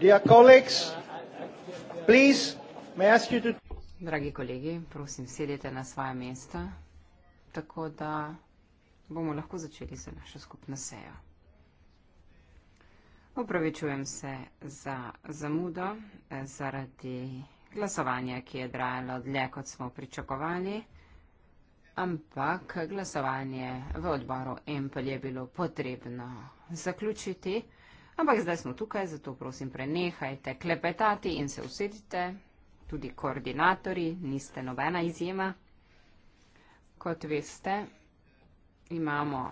Dragi kolegi, prosim, sedite na svoje mesta, tako da bomo lahko začeli za našo skupno sejo. Upravičujem se za zamudo eh, zaradi glasovanja, ki je trajalo dlje, kot smo pričakovali, ampak glasovanje v odboru Empel je bilo potrebno zaključiti. Ampak zdaj smo tukaj, zato prosim, prenehajte klepetati in se usedite. Tudi koordinatori, niste nobena izjema. Kot veste, imamo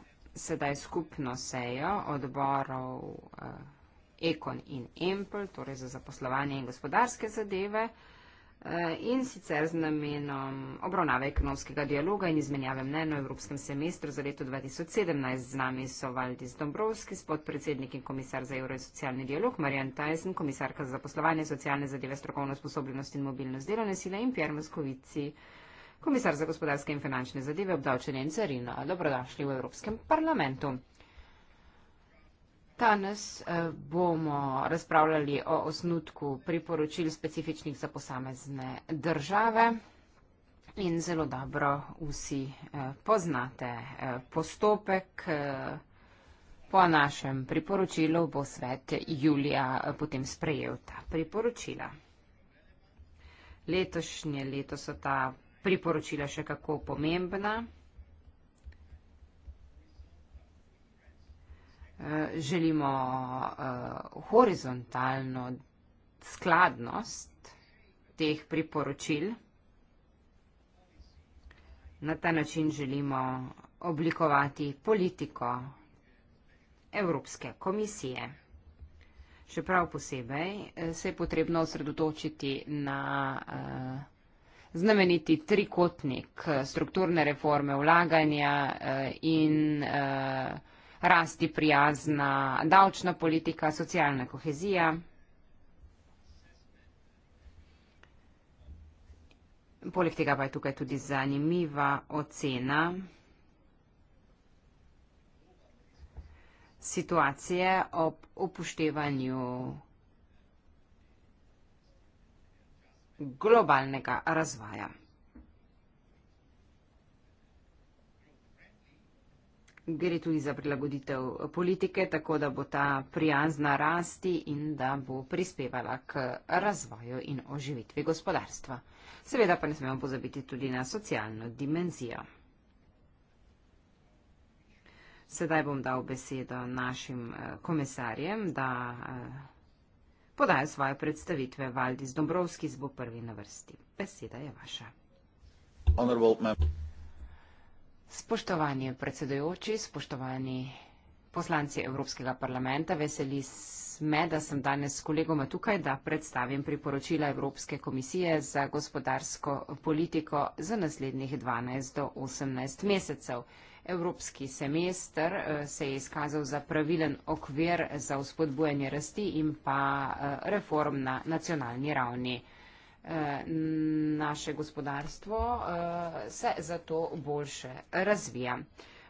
sedaj skupno sejo odborov eh, Ekon in Empel, torej za zaposlovanje in gospodarske zadeve. Eh, in sicer z namenom obravnave ekonomskega dialoga in izmenjave mnen o evropskem semestru za leto 2017. Z nami so Valdis Dombrovski, spodpredsednik in komisar za evro in socialni dialog, Marjan Tajsen, komisarka za poslovanje, socialne zadeve, strokovno sposobnost in mobilnost delovne sile in Pierre Moskovici, komisar za gospodarske in finančne zadeve, obdavčenje in carino. Dobrodošli v Evropskem parlamentu. Danes eh, bomo razpravljali o osnutku priporočil specifičnih za posamezne države in zelo dobro vsi eh, poznate eh, postopek. Po našem priporočilu bo svet julija potem sprejel ta priporočila. Letošnje leto so ta priporočila še kako pomembna. Eh, želimo uh, horizontalno skladnost teh priporočil. Na ta način želimo oblikovati politiko Evropske komisije. Še prav posebej eh, se je potrebno osredotočiti na uh, znameniti trikotnik strukturne reforme vlaganja uh, in uh, rasti prijazna davčna politika, socialna kohezija. Poleg tega pa je tukaj tudi zanimiva ocena situacije ob upoštevanju globalnega razvaja. gre tudi za prilagoditev politike, tako da bo ta prijazna rasti in da bo prispevala k razvoju in oživitvi gospodarstva. Seveda pa ne smemo pozabiti tudi na socialno dimenzijo. Sedaj bom dal besedo našim eh, komisarjem, da eh, podajo svoje predstavitve. Valdis Dombrovskis bo prvi na vrsti. Beseda je vaša. Honorable member. Spoštovani predsedujoči, spoštovani poslanci Evropskega parlamenta, veseli me, da sem danes s kolegoma tukaj, da predstavim priporočila Evropske komisije za gospodarsko politiko za naslednjih 12 do 18 mesecev. Evropski semester eh, se je izkazal za pravilen okvir za vzpodbujanje rasti in pa eh, reform na nacionalni ravni. Eh, naše gospodarstvo eh, se zato boljše razvija.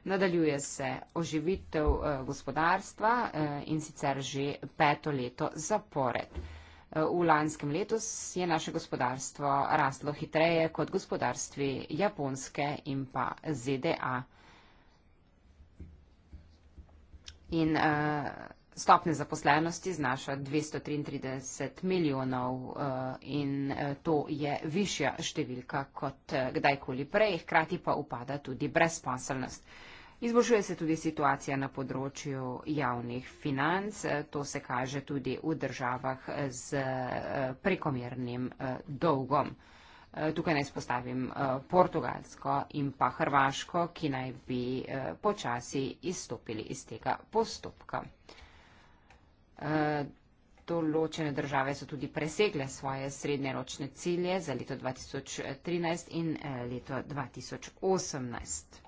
Nadaljuje se oživitev eh, gospodarstva in sicer že peto leto zapored. V lanskem letu je naše gospodarstvo rastlo hitreje kot gospodarstvi Japonske in pa ZDA. In uh, stopne zaposlenosti znaša 233 milijonov eh, in eh, to je višja številka kot eh, kdajkoli prej, hkrati pa upada tudi brezposelnost. Izboljšuje se tudi situacija na področju javnih financ, to se kaže tudi v državah z prekomernim dolgom. Tukaj naj spostavim Portugalsko in pa Hrvaško, ki naj bi počasi izstopili iz tega postopka. Eh, določene države so tudi presegle svoje srednjeročne cilje za leto 2013 in eh, leto 2018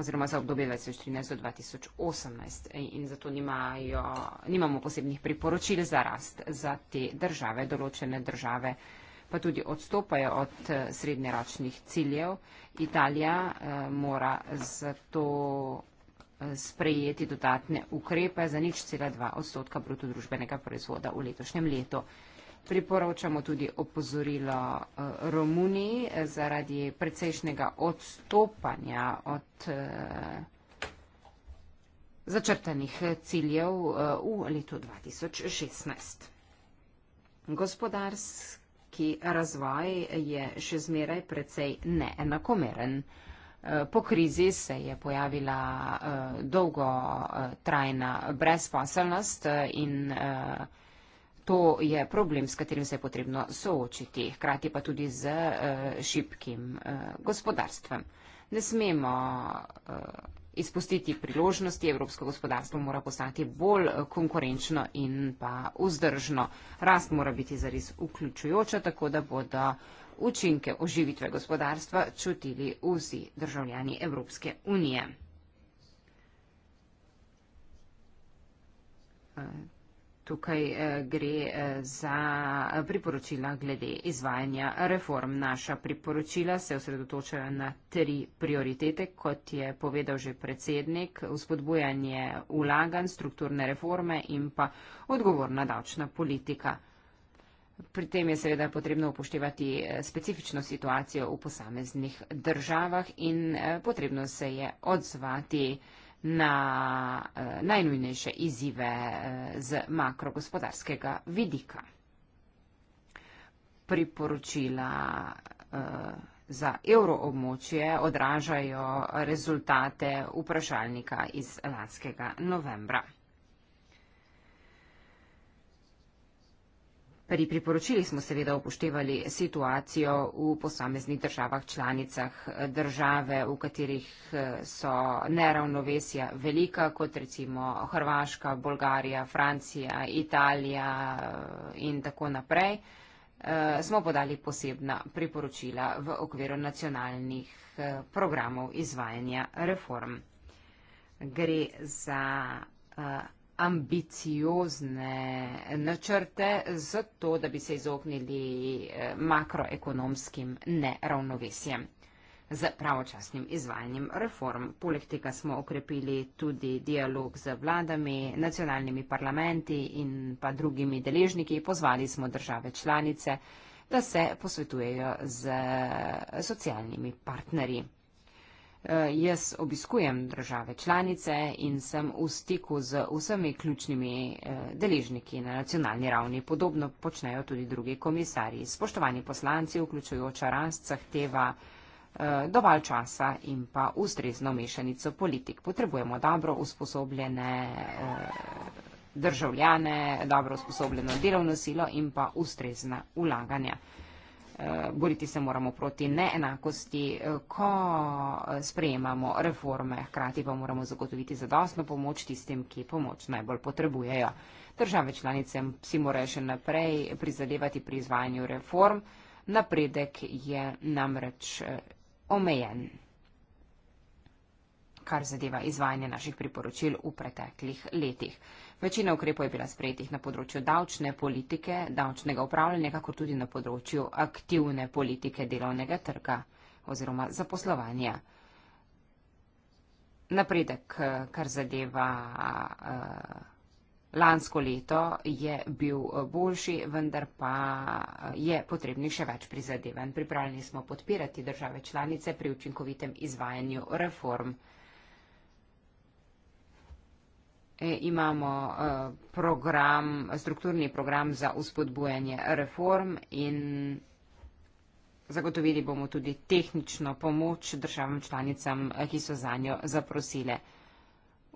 oziroma za obdobje 2013 do 2018 eh, in zato nimajo, nimamo posebnih priporočil za rast za te države. Določene države pa tudi odstopajo od srednjeročnih ciljev. Italija eh, mora zato sprejeti dodatne ukrepe za nič cela dva odstotka brutodružbenega proizvoda v letošnjem letu. Priporočamo tudi opozorilo eh, Romuniji eh, zaradi precejšnjega odstopanja od eh, začrtanih ciljev v letu 2016. Gospodarski razvoj je še zmeraj precej neenakomeren. Eh, po krizi se je pojavila eh, dolgo trajna brezposelnost eh, in to je problem, s katerim se je potrebno soočiti, hkrati pa tudi z šipkim gospodarstvem. Ne smemo izpustiti priložnosti, evropsko gospodarstvo mora postati bolj konkurenčno in pa vzdržno. Rast mora biti zares vključujoča, tako da bodo učinke oživitve gospodarstva čutili vsi državljani Evropske unije. Eh, tukaj eh, gre eh, za priporočila glede izvajanja reform. Naša priporočila se osredotočajo na tri prioritete, kot je povedal že predsednik, vzpodbujanje ulagan, strukturne reforme in pa odgovorna davčna politika. Pri tem je seveda potrebno upoštevati eh, specifično situacijo v posameznih državah in eh, potrebno se je odzvati na eh, najnujnejše izzive z makrogospodarskega vidika. Priporočila za evroobmočje odražajo rezultate vprašalnika iz lanskega novembra. Pri priporočili smo seveda upoštevali situacijo v posameznih državah, članicah države, v katerih eh, so neravnovesja velika, kot recimo Hrvaška, Bolgarija, Francija, Italija eh, in tako naprej. Eh, smo podali posebna priporočila v okviru nacionalnih programov izvajanja reform. Gre za ambiciozne načrte za to, da bi se izognili eh, makroekonomskim neravnovesjem z pravočasnim izvajanjem reform. Poleg tega smo okrepili tudi dialog z vladami, nacionalnimi parlamenti in pa drugimi deležniki. Pozvali smo države članice, da se posvetujejo z eh, socialnimi partnerji. Eh, jaz obiskujem države članice in sem v stiku z vsemi ključnimi eh, deležniki na nacionalni ravni. Podobno počnejo tudi drugi komisarji. Spoštovani poslanci, vključujoča rast, zahteva eh, dovolj časa in pa ustrezno mešanico politik. Potrebujemo dobro usposobljene državljane, dobro usposobljeno delovno silo in pa ustrezna ulaganja. Eh, boriti se moramo proti neenakosti, eh, ko eh, sprejemamo reforme, hkrati pa moramo zagotoviti zadostno pomoč tistim, ki pomoč najbolj potrebujejo. Države članice si morajo še naprej prizadevati pri izvajanju reform, napredek je namreč omejen, kar zadeva izvajanje naših priporočil v preteklih letih. Večina ukrepov je bila sprejetih na področju davčne politike, davčnega upravljanja, kako tudi na področju aktivne politike delovnega trga oziroma zaposlovanja. Napredek, eh, kar zadeva uh, lansko leto, je bil eh, boljši, vendar pa je potrebni še več prizadevanj. Pripravljeni smo podpirati države članice pri učinkovitem izvajanju reform. E, imamo e, program, strukturni program za uspodbujanje reform in zagotovili bomo tudi tehnično pomoč državam članicam, e, ki so za njo zaprosile.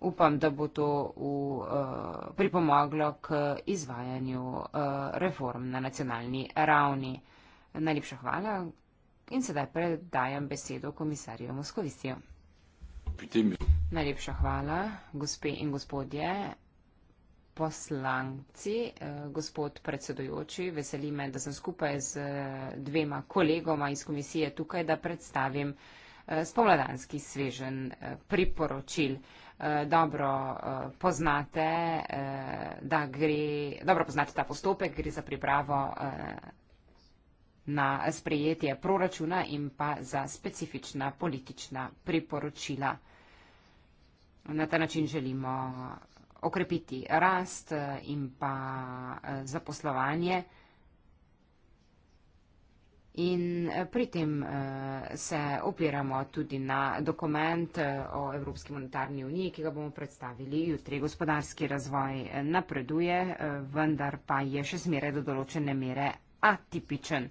Upam, da bo to v, pripomoglo k izvajanju reform na nacionalni ravni. Najlepša hvala in sedaj predajam besedo komisarju Moskovisiju. Pri tem Najlepša hvala, gospe in gospodje, poslanci, eh, gospod predsedujoči. Veseli me, da sem skupaj z eh, dvema kolegoma iz komisije tukaj, da predstavim eh, spomladanski svežen priporočil. Dobro poznate, da gre, dobro poznate ta postopek, gre za pripravo na sprejetje proračuna in pa za specifična politična priporočila. Na ta način želimo okrepiti rast in pa eh, zaposlovanje. In eh, pri tem eh, se opiramo tudi na dokument o Evropski monetarni uniji, ki ga bomo predstavili jutri. Gospodarski razvoj napreduje, vendar pa je še zmeraj do določene mere atipičen.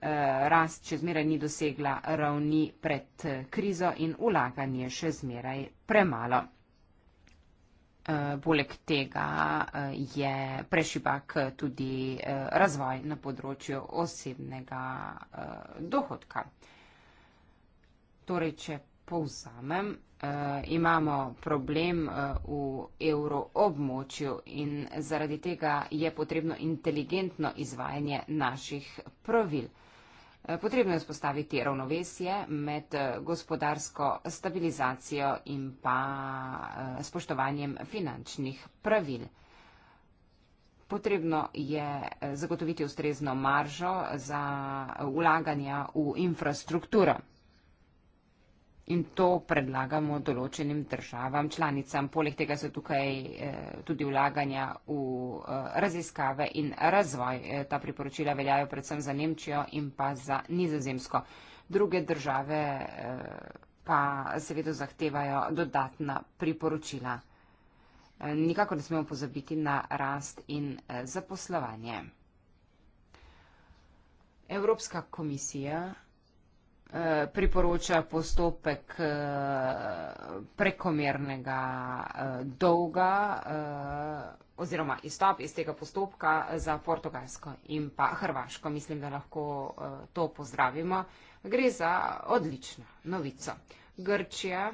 Eh, rast še zmeraj ni dosegla ravni pred eh, krizo in vlaganje še zmeraj premalo. Eh, poleg tega je prešibak tudi razvoj na področju osebnega dohodka. Torej, če povzamem, imamo problem v evroobmočju in zaradi tega je potrebno inteligentno izvajanje naših pravil. Potrebno je spostaviti ravnovesje med eh, gospodarsko stabilizacijo in pa eh, spoštovanjem finančnih pravil. Potrebno je eh, zagotoviti ustrezno maržo za ulaganja v infrastrukturo in to predlagamo določenim državam, članicam. Poleg tega so tukaj eh, tudi vlaganja v eh, raziskave in razvoj. Eh, ta priporočila veljajo predvsem za Nemčijo in pa za nizozemsko. Druge države pa seveda zahtevajo dodatna priporočila. Nikako ne smemo pozabiti na rast in zaposlovanje. Evropska komisija Eh, priporoča postopek eh, prekomernega eh, dolga oziroma izstop iz tega postopka za Portugalsko in pa Hrvaško. Mislim, da lahko to pozdravimo. Gre za odlično novico. Grčija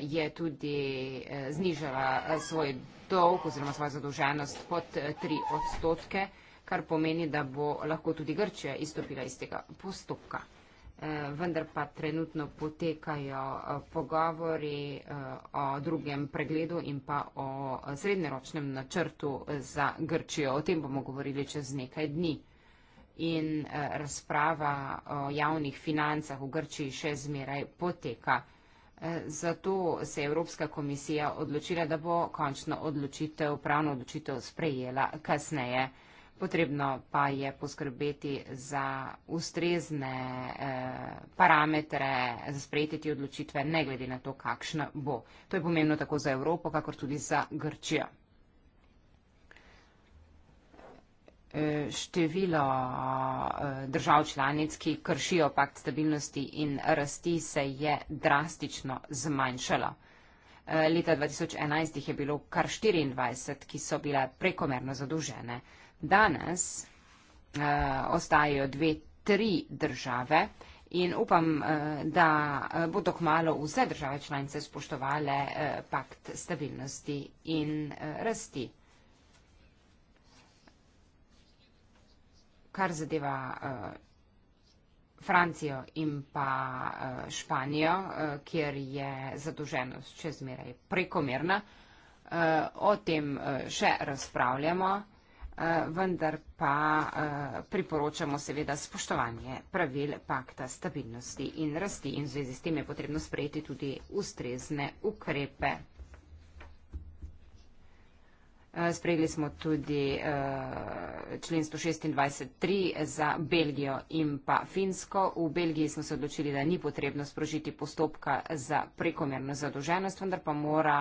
je tudi znižala svoj dolg oziroma svojo zadolženost pod tri odstotke, kar pomeni, da bo lahko tudi Grčija izstopila iz tega postopka. Eh, vendar pa trenutno potekajo eh, pogovori eh, o drugem pregledu in pa o srednjeročnem načrtu za Grčijo. O tem bomo govorili čez nekaj dni. In razprava o javnih financah v Grčiji še zmeraj poteka. Zato se je Evropska komisija odločila, da bo končno odločitev, pravno odločitev sprejela kasneje. Potrebno pa je poskrbeti za ustrezne eh, parametre, za sprejeti te odločitve, ne glede na to, kakšna bo. To je pomembno tako za Evropo, kakor tudi za Grčijo. Eh, število eh, držav članic, ki kršijo pakt stabilnosti in rasti, se je drastično zmanjšalo. Eh, leta 2011 jih je bilo kar 24, ki so bile prekomerno zadužene. Danes uh, ostajajo dve, tri države in upam, uh, da eh, bodo kmalo vse države članice spoštovale uh, pakt stabilnosti in uh, rasti. Kar zadeva uh, Francijo in pa uh, Španijo, uh, kjer je zadolženost čezmeraj prekomerna, uh, o tem uh, še razpravljamo. Eh, vendar pa eh, priporočamo seveda spoštovanje pravil pakta stabilnosti in rasti in v zvezi s tem je potrebno sprejeti tudi ustrezne ukrepe. Eh, sprejeli smo tudi člen 126.3 za Belgijo in pa Finsko. V Belgiji smo se odločili, da ni potrebno sprožiti postopka za prekomerno zadoženost, vendar pa mora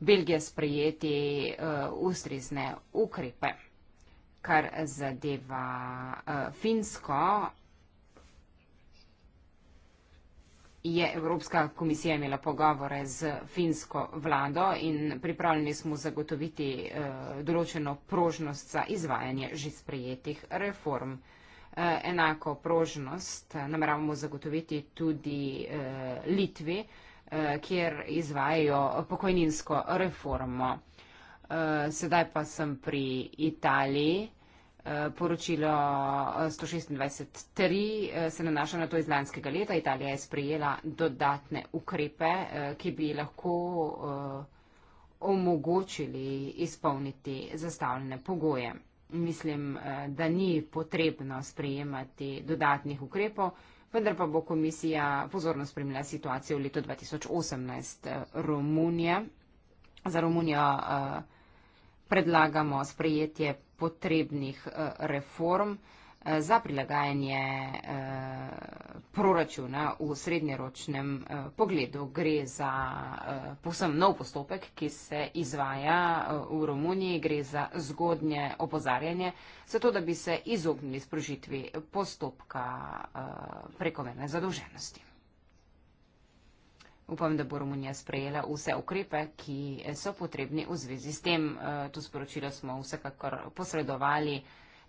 Belgije sprejeti eh, ustrizne ukrepe. Kar zadeva eh, Finsko, je Evropska komisija imela pogovore z Finsko vlado in pripravljeni smo zagotoviti eh, določeno prožnost za izvajanje že sprejetih reform. Enako prožnost nameravamo zagotoviti tudi Litvi, Eh, kjer izvajo pokojninsko reformo. Eh, sedaj pa sem pri Italiji. Eh, poročilo 126.3 se nanaša na to iz lanskega leta. Italija je sprejela dodatne ukrepe, ki bi lahko omogočili izpolniti zastavljene pogoje. Mislim, da ni potrebno sprejemati dodatnih ukrepov, vendar pa bo komisija pozorno spremljala situacijo v letu 2018. Eh, Romunija. Za Romunijo eh, predlagamo sprejetje potrebnih eh, reform za prilagajanje eh, proračuna v srednjeročnem eh, pogledu. Gre za eh, povsem nov postopek, ki se izvaja v Romuniji. Gre za zgodnje opozarjanje, zato da bi se izognili sprožitvi postopka prekomerne zadolženosti. Upam, da bo Romunija sprejela vse ukrepe, ki so potrebni v zvezi s tem. To sporočilo smo vsekakor posredovali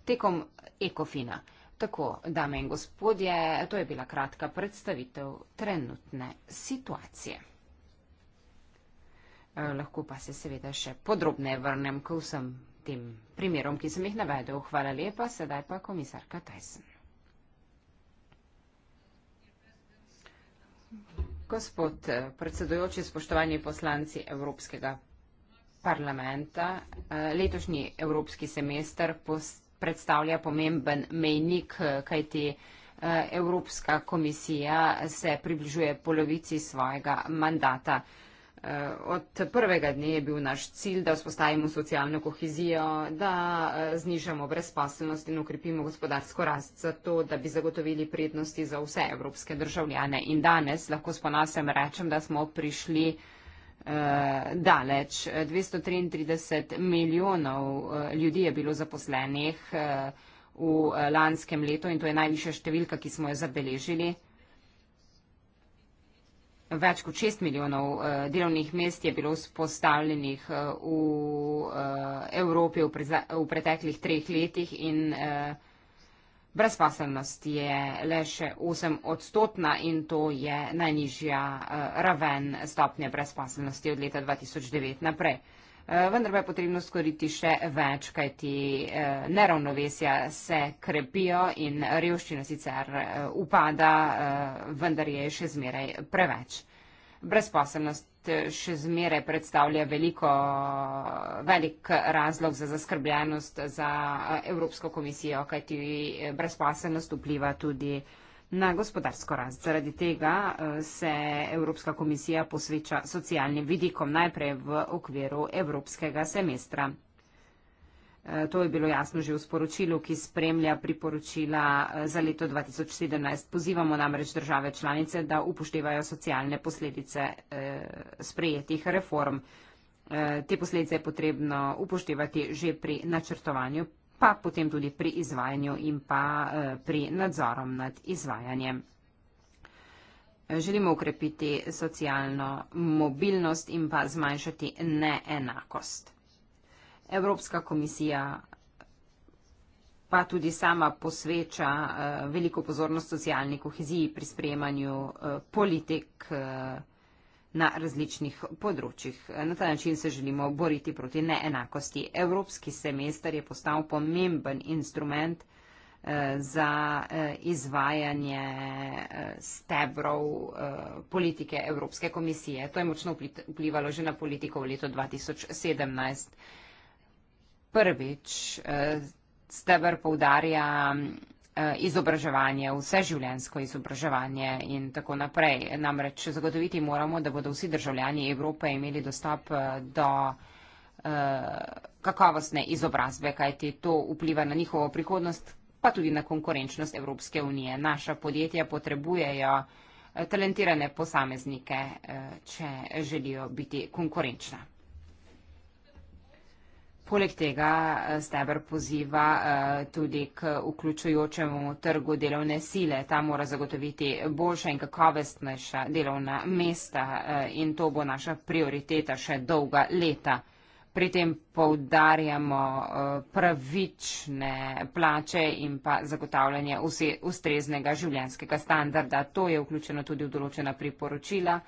tekom Ekofina. Tako, dame in gospodje, to je bila kratka predstavitev trenutne situacije. Eh, lahko pa se seveda še podrobneje vrnem k vsem tem primerom, ki sem jih navedel. Hvala lepa, sedaj pa komisarka Tyson. Gospod eh, predsedujoči, spoštovani poslanci Evropskega parlamenta, eh, letošnji Evropski semester postavlja predstavlja pomemben mejnik, kajti eh, Evropska komisija se približuje polovici svojega mandata. Eh, od prvega dne je bil naš cilj, da vzpostavimo socialno kohezijo, da eh, znižamo brezposelnost in ukrepimo gospodarsko rast za to, da bi zagotovili prednosti za vse evropske državljane. In danes lahko s ponosem rečem, da smo prišli uh, daleč. 233 milijonov eh, ljudi je bilo zaposlenih uh, v lanskem letu in to je najviše številka, ki smo jo zabeležili. Več kot 6 milijonov uh, delovnih mest je bilo spostavljenih uh, v uh, Evropi v, preza, v preteklih treh letih in uh, Brezpaselnost je le še 8 odstotna in to je najnižja eh, raven stopnje brezpaselnosti od leta 2009 naprej. Eh, vendar pa je potrebno skoriti še več, kajti eh, neravnovesja se krepijo in revščina sicer upada, vendar je še zmeraj preveč brezposobnost eh, še zmeraj predstavlja veliko, velik razlog za zaskrbljenost za eh, Evropsko komisijo, kajti eh, brezposobnost vpliva tudi na gospodarsko rast. Zaradi tega se Evropska komisija posveča socialnim vidikom najprej v okviru Evropskega semestra. Eh, to je bilo jasno že v sporočilu, ki spremlja priporočila eh, za leto 2017. Pozivamo namreč države članice, da upoštevajo socialne posledice eh, sprejetih reform. Te posledice je potrebno upoštevati že pri načrtovanju, pa potem tudi pri izvajanju in pa pri nadzorom nad izvajanjem. Želimo ukrepiti socialno mobilnost in pa zmanjšati neenakost. Evropska komisija pa tudi sama posveča uh, veliko pozornost socialni koheziji pri sprejemanju uh, politik uh, na različnih področjih. Na ta način se želimo boriti proti neenakosti. Evropski semester je postal pomemben instrument uh, za uh, izvajanje uh, stebrov uh, politike Evropske komisije. To je močno vplivalo že na politiko v letu 2017 prvič e, steber povdarja e, izobraževanje, vseživljenjsko izobraževanje in tako naprej. Namreč zagotoviti moramo, da bodo vsi državljani Evrope imeli dostop e, do kakovostne izobrazbe, kajti to vpliva na njihovo prihodnost, pa tudi na konkurenčnost Evropske unije. Naša podjetja potrebujejo talentirane posameznike, če želijo biti konkurenčna. Poleg tega eh, steber poziva eh, tudi k vključujočemu trgu delovne sile. Ta mora zagotoviti boljša in kakovestnejša delovna mesta eh, in to bo naša prioriteta še dolga leta. Pri tem poudarjamo pravične plače in pa zagotavljanje ustreznega življenskega standarda. To je vključeno tudi v določena priporočila.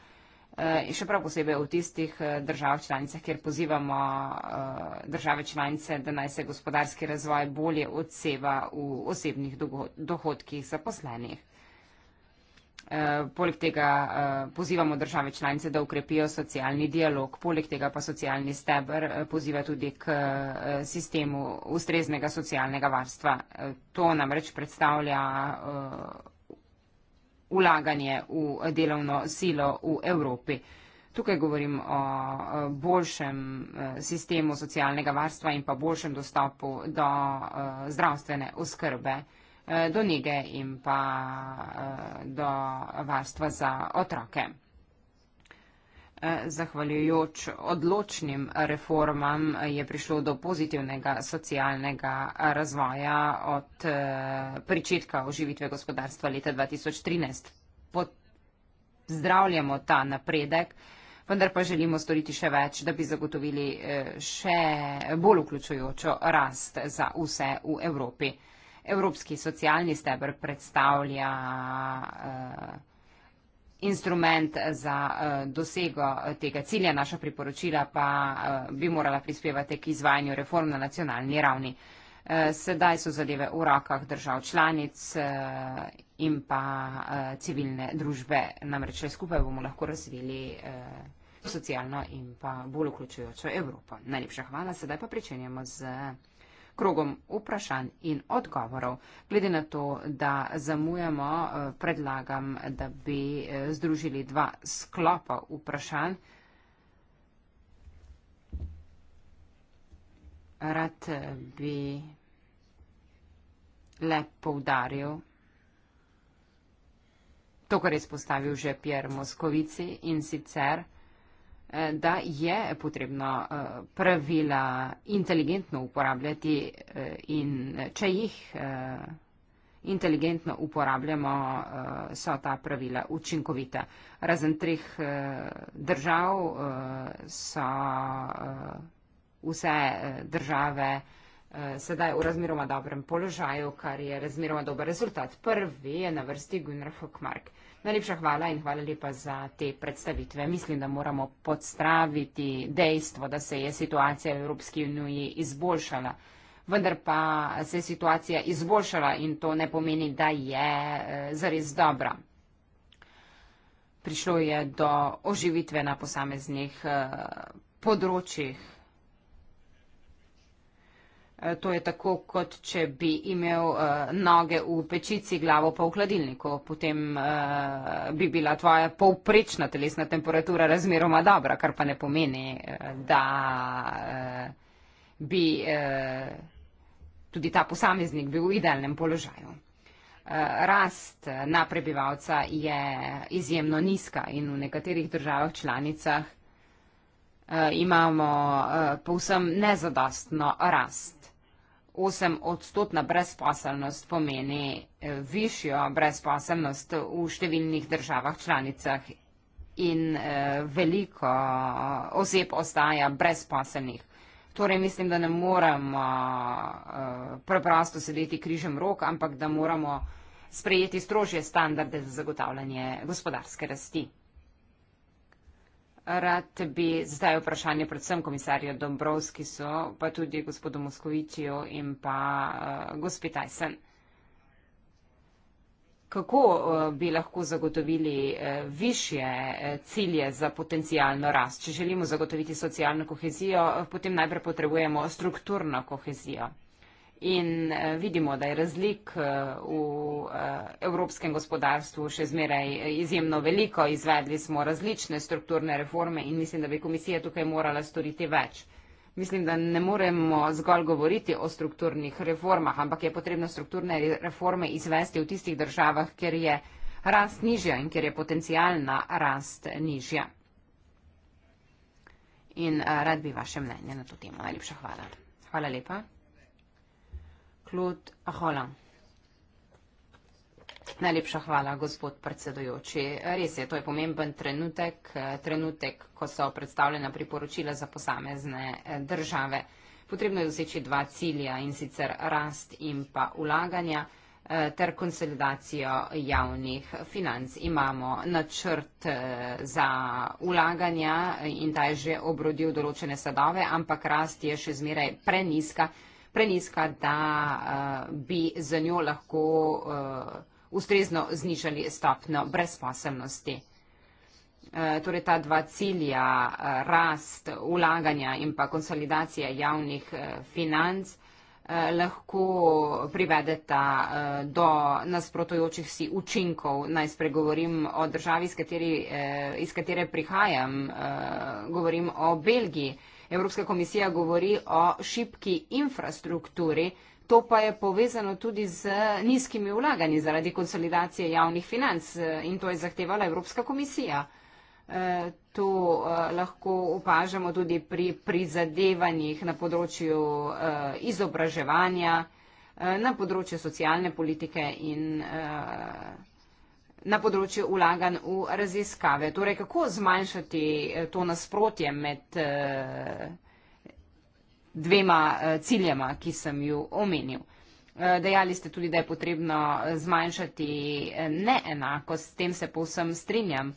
Eh, in še prav posebej v tistih eh, držav članicah, kjer pozivamo eh, države članice, da naj se gospodarski razvoj bolje odseva v osebnih dohodkih zaposlenih. Poleg tega pozivamo države članice, da ukrepijo socialni dialog, poleg tega pa socialni stebr poziva tudi k sistemu ustreznega socialnega varstva. To namreč predstavlja vlaganje v delovno silo v Evropi. Tukaj govorim o boljšem e, sistemu socialnega varstva in pa boljšem dostopu do e, zdravstvene oskrbe, e, do njege in pa do varstva za otroke. Zahvaljujoč odločnim reformam je prišlo do pozitivnega socialnega razvoja od eh, pričetka oživitve gospodarstva leta 2013. Zdravljamo ta napredek, vendar pa želimo storiti še več, da bi zagotovili eh, še bolj vključujočo rast za vse v Evropi. Evropski socialni steber predstavlja. Uh, instrument za eh, dosego tega cilja. Naša priporočila pa eh, bi morala prispevati k izvajanju reform na nacionalni ravni. Eh, sedaj so zadeve v rokah držav članic in pa civilne družbe. Namreč le skupaj bomo lahko razvili socialno in pa bolj vključujočo Evropo. Najlepša hvala. Sedaj pa pričenjamo z krogom vprašanj in odgovorov. Glede na to, da zamujamo, eh, predlagam, da bi eh, združili dva sklopa vprašanj. Rad eh, bi le poudaril to, kar je spostavil že Pierre Moskovici in sicer, Eh, da je potrebno eh, pravila inteligentno uporabljati eh, in če jih inteligentno uporabljamo, so ta pravila učinkovita. Razen treh držav so vse države sedaj v razmeroma dobrem položaju, kar je razmeroma dober rezultat. Prvi je na vrsti Gunnar Hockmark. Najlepša hvala in hvala lepa za te predstavitve. Mislim, da moramo podstraviti dejstvo, da se je situacija v Evropski uniji izboljšala. Vendar pa se je situacija izboljšala in to ne pomeni, da je eh, zares dobra. Prišlo je do oživitve na posameznih eh, področjih Eh, to je tako, kot če bi imel uh, noge v pečici, glavo pa v hladilniku. Potem uh, bi bila tvoja povprečna telesna temperatura razmeroma dobra, kar pa ne pomeni, uh, da uh, bi uh, tudi ta posameznik bil v idealnem položaju. Rast na prebivalca je izjemno nizka in v nekaterih državah članicah imamo povsem nezadostno rast osem odstotna brezposelnost pomeni eh, višjo brezposelnost v številnih državah članicah in eh, veliko eh, oseb ostaja brezposelnih. Torej mislim, da ne moremo preprosto sedeti križem rok, ampak da moramo sprejeti strožje standarde za zagotavljanje gospodarske rasti. Rad bi zdaj vprašanje predvsem komisarju Dombrovskisu, pa tudi gospodu Moskovičiju in pa uh, eh, gospi Tyson. Kako uh, bi lahko zagotovili uh, eh, više uh, cilje za potencijalno rast? Če želimo zagotoviti socialno kohezijo, uh, potem najprej potrebujemo strukturno kohezijo in eh, vidimo, da je razlik eh, v eh, evropskem gospodarstvu še zmeraj izjemno veliko. Izvedli smo različne strukturne reforme in mislim, da bi komisija tukaj morala storiti več. Mislim, da ne moremo zgolj govoriti o strukturnih reformah, ampak je potrebno strukturne reforme izvesti v tistih državah, kjer je rast nižja in kjer je potencijalna rast nižja. In rad bi vaše mnenje na to temo. Najlepša hvala. Hvala lepa. Klod Ahola. Najlepša hvala, gospod predsedojoči. Res je, to je pomemben trenutek, trenutek, ko so predstavljena priporočila za posamezne eh, države. Potrebno je doseči dva cilja in sicer rast in pa ulaganja eh, ter konsolidacijo javnih financ. Imamo načrt eh, za ulaganja in ta je že obrodil določene sadove, ampak rast je še zmeraj preniska prenizka, da eh, bi z njo lahko eh, ustrezno znižali stopno brezposobnosti. Eh, torej ta dva cilja, rast ulaganja in pa konsolidacija javnih financ, lahko privedeta do nasprotujočih si učinkov. Naj spregovorim o državi, iz katere prihajam, govorim o Belgiji. Evropska komisija govori o šipki infrastrukturi, to pa je povezano tudi z nizkimi vlaganji zaradi konsolidacije javnih financ e, in to je zahtevala Evropska komisija. E, to e, lahko opažamo tudi pri prizadevanjih na področju izobraževanja, na področju socialne politike in na področju ulaganj v raziskave. Torej, kako zmanjšati eh, to nasprotje med eh, dvema eh, ciljema, ki sem ju omenil? Dejali ste tudi, da je potrebno zmanjšati neenakost, s tem se povsem strinjam.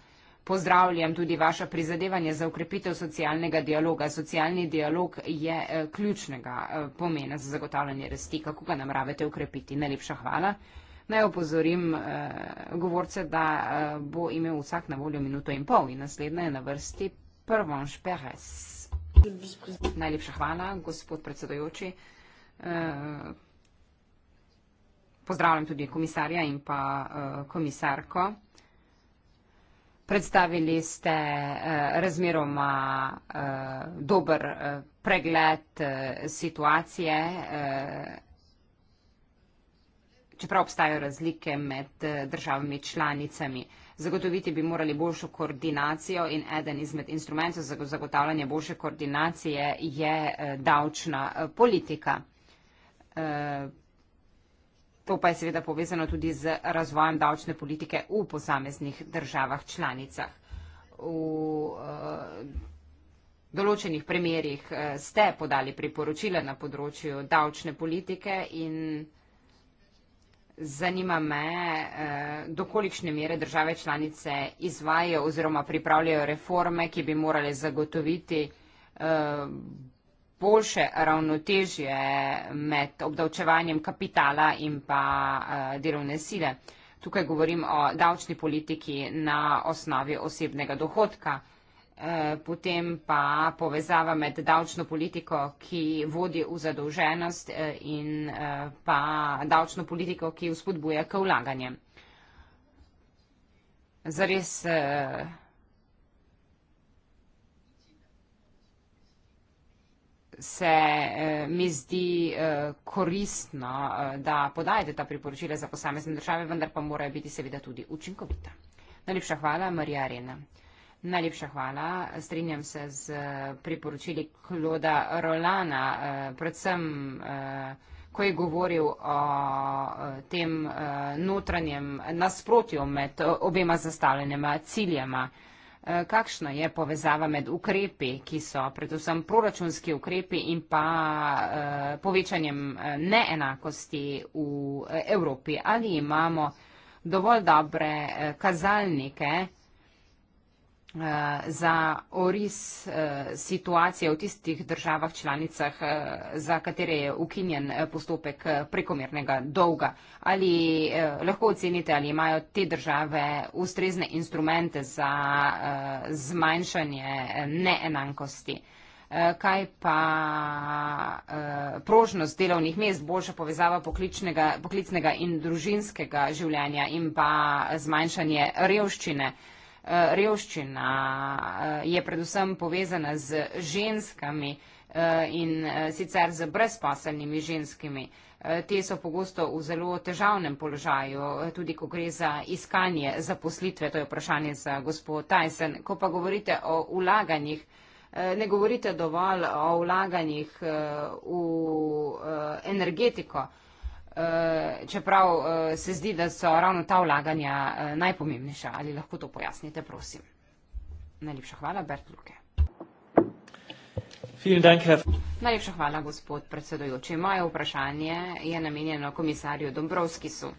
Pozdravljam tudi vaše prizadevanje za ukrepitev socialnega dialoga. Socialni dialog je ključnega pomena za zagotavljanje rasti. Kako ga namravate ukrepiti? Najlepša hvala. Naj opozorim eh, govorce, da eh, bo imel vsak na voljo minuto in pol in naslednja je na vrsti Prvon Šperes. Najlepša hvala, gospod predsedojoči. Eh, pozdravljam tudi komisarja in pa eh, komisarko. Predstavili ste eh, razmeroma eh, dober eh, pregled eh, situacije. Eh, čeprav obstajajo razlike med eh, državami članicami. Zagotoviti bi morali boljšo koordinacijo in eden izmed instrumentov za zagotavljanje boljše koordinacije je eh, davčna eh, politika. To pa je seveda povezano tudi z razvojem davčne politike v posameznih državah članicah. V določenih primerjih ste podali priporočila na področju davčne politike in Zanima me, eh, do kolikšne mere države članice izvajajo oziroma pripravljajo reforme, ki bi morale zagotoviti eh, boljše ravnotežje med obdavčevanjem kapitala in pa eh, delovne sile. Tukaj govorim o davčni politiki na osnovi osebnega dohodka. Eh, potem pa povezava med davčno politiko, ki vodi v zadolženost eh, in eh, pa davčno politiko, ki vzpodbuja k vlaganjem. Zares se mi zdi koristno, da podajate ta priporočila za posamezne države, vendar pa morajo biti seveda tudi učinkovita. Najlepša hvala, Marija Arena. Najlepša hvala. Strinjam se z eh, priporočili Kloda Rolana, eh, predvsem eh, ko je govoril o tem notranjem nasprotju med obema zastavljenima ciljema. Kakšna je povezava med ukrepi, ki so predvsem proračunski ukrepi in pa povečanjem neenakosti v Evropi? Ali imamo dovolj dobre kazalnike, Eh, za oris eh, situacije v tistih državah članicah, eh, za katere je ukinjen postopek prekomernega dolga. Ali lahko ocenite, ali imajo te države ustrezne instrumente za zmanjšanje neenankosti? Kaj pa prožnost delovnih mest, boljša povezava poklicnega in družinskega življenja in pa zmanjšanje revščine? Eh, revščina eh, je predvsem povezana z ženskami eh, in sicer z brezposelnimi ženskimi. Te so pogosto v zelo težavnem položaju, tudi ko gre za iskanje zaposlitve, to je vprašanje za gospod Tyson. Ko pa govorite o vlaganjih, ne govorite dovolj o vlaganjih v energetiko. Eh, čeprav eh, se zdi, da so ravno ta vlaganja eh, najpomembnejša. Ali lahko to pojasnite, prosim? Najlepša hvala, Bert Luke. Najlepša hvala, gospod predsedojoči. Moje vprašanje je namenjeno komisarju Dombrovskisu.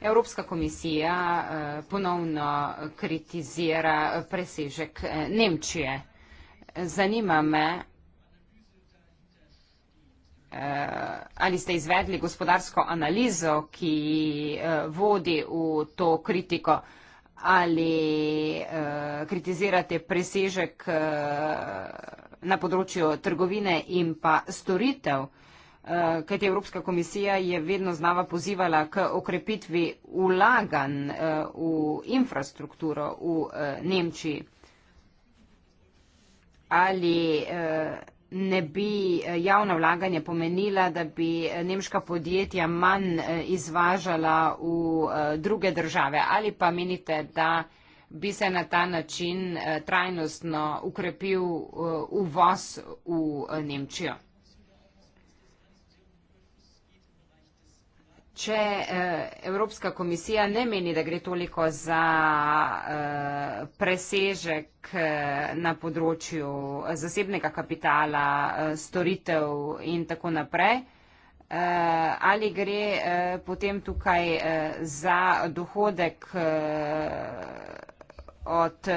Evropska komisija ponovno kritizira presežek Nemčije. Zanima me, Eh, ali ste izvedli gospodarsko analizo, ki eh, vodi v to kritiko, ali eh, kritizirate presežek na področju trgovine in pa storitev, kajti Evropska komisija je vedno znava pozivala k okrepitvi ulagan v infrastrukturo v Nemčiji. Ali ne bi eh, javna vlaganja pomenila, da bi eh, nemška podjetja manj eh, izvažala v druge države? Ali pa menite, da bi se na ta način trajnostno ukrepil uvoz v Nemčijo? če eh, Evropska komisija ne meni, da gre toliko za eh, presežek eh, na področju zasebnega kapitala, storitev in tako naprej, ali gre potem tukaj za dohodek od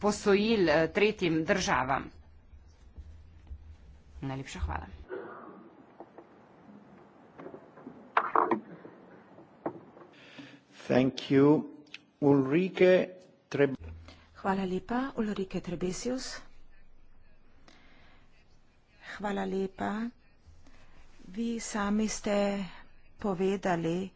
posojil tretjim državam. Najlepša hvala. Hvala lepa, Ulrike Trebesius. Hvala lepa. Vi sami ste povedali,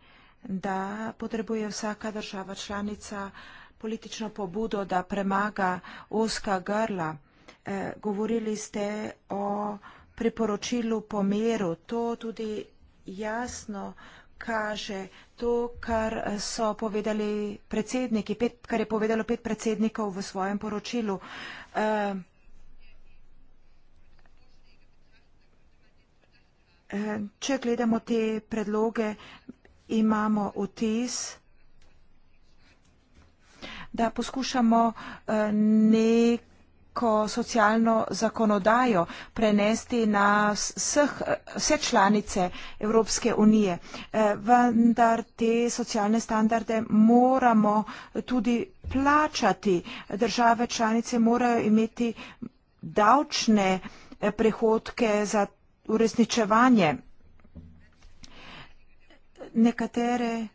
da potrebuje vsaka država članica politično pobudo, da premaga oska grla. E, govorili ste o priporočilu po miru. To tudi jasno kaže to, kar so povedali predsedniki, pet, kar je povedalo pet predsednikov v svojem poročilu. Uh, če gledamo te predloge, imamo vtis, da poskušamo uh, eh, nekaj enako socialno zakonodajo prenesti na vseh, vse članice Evropske unije. Eh, vendar te socialne standarde moramo tudi plačati. Države članice morajo imeti davčne eh, prihodke za uresničevanje. Nekatere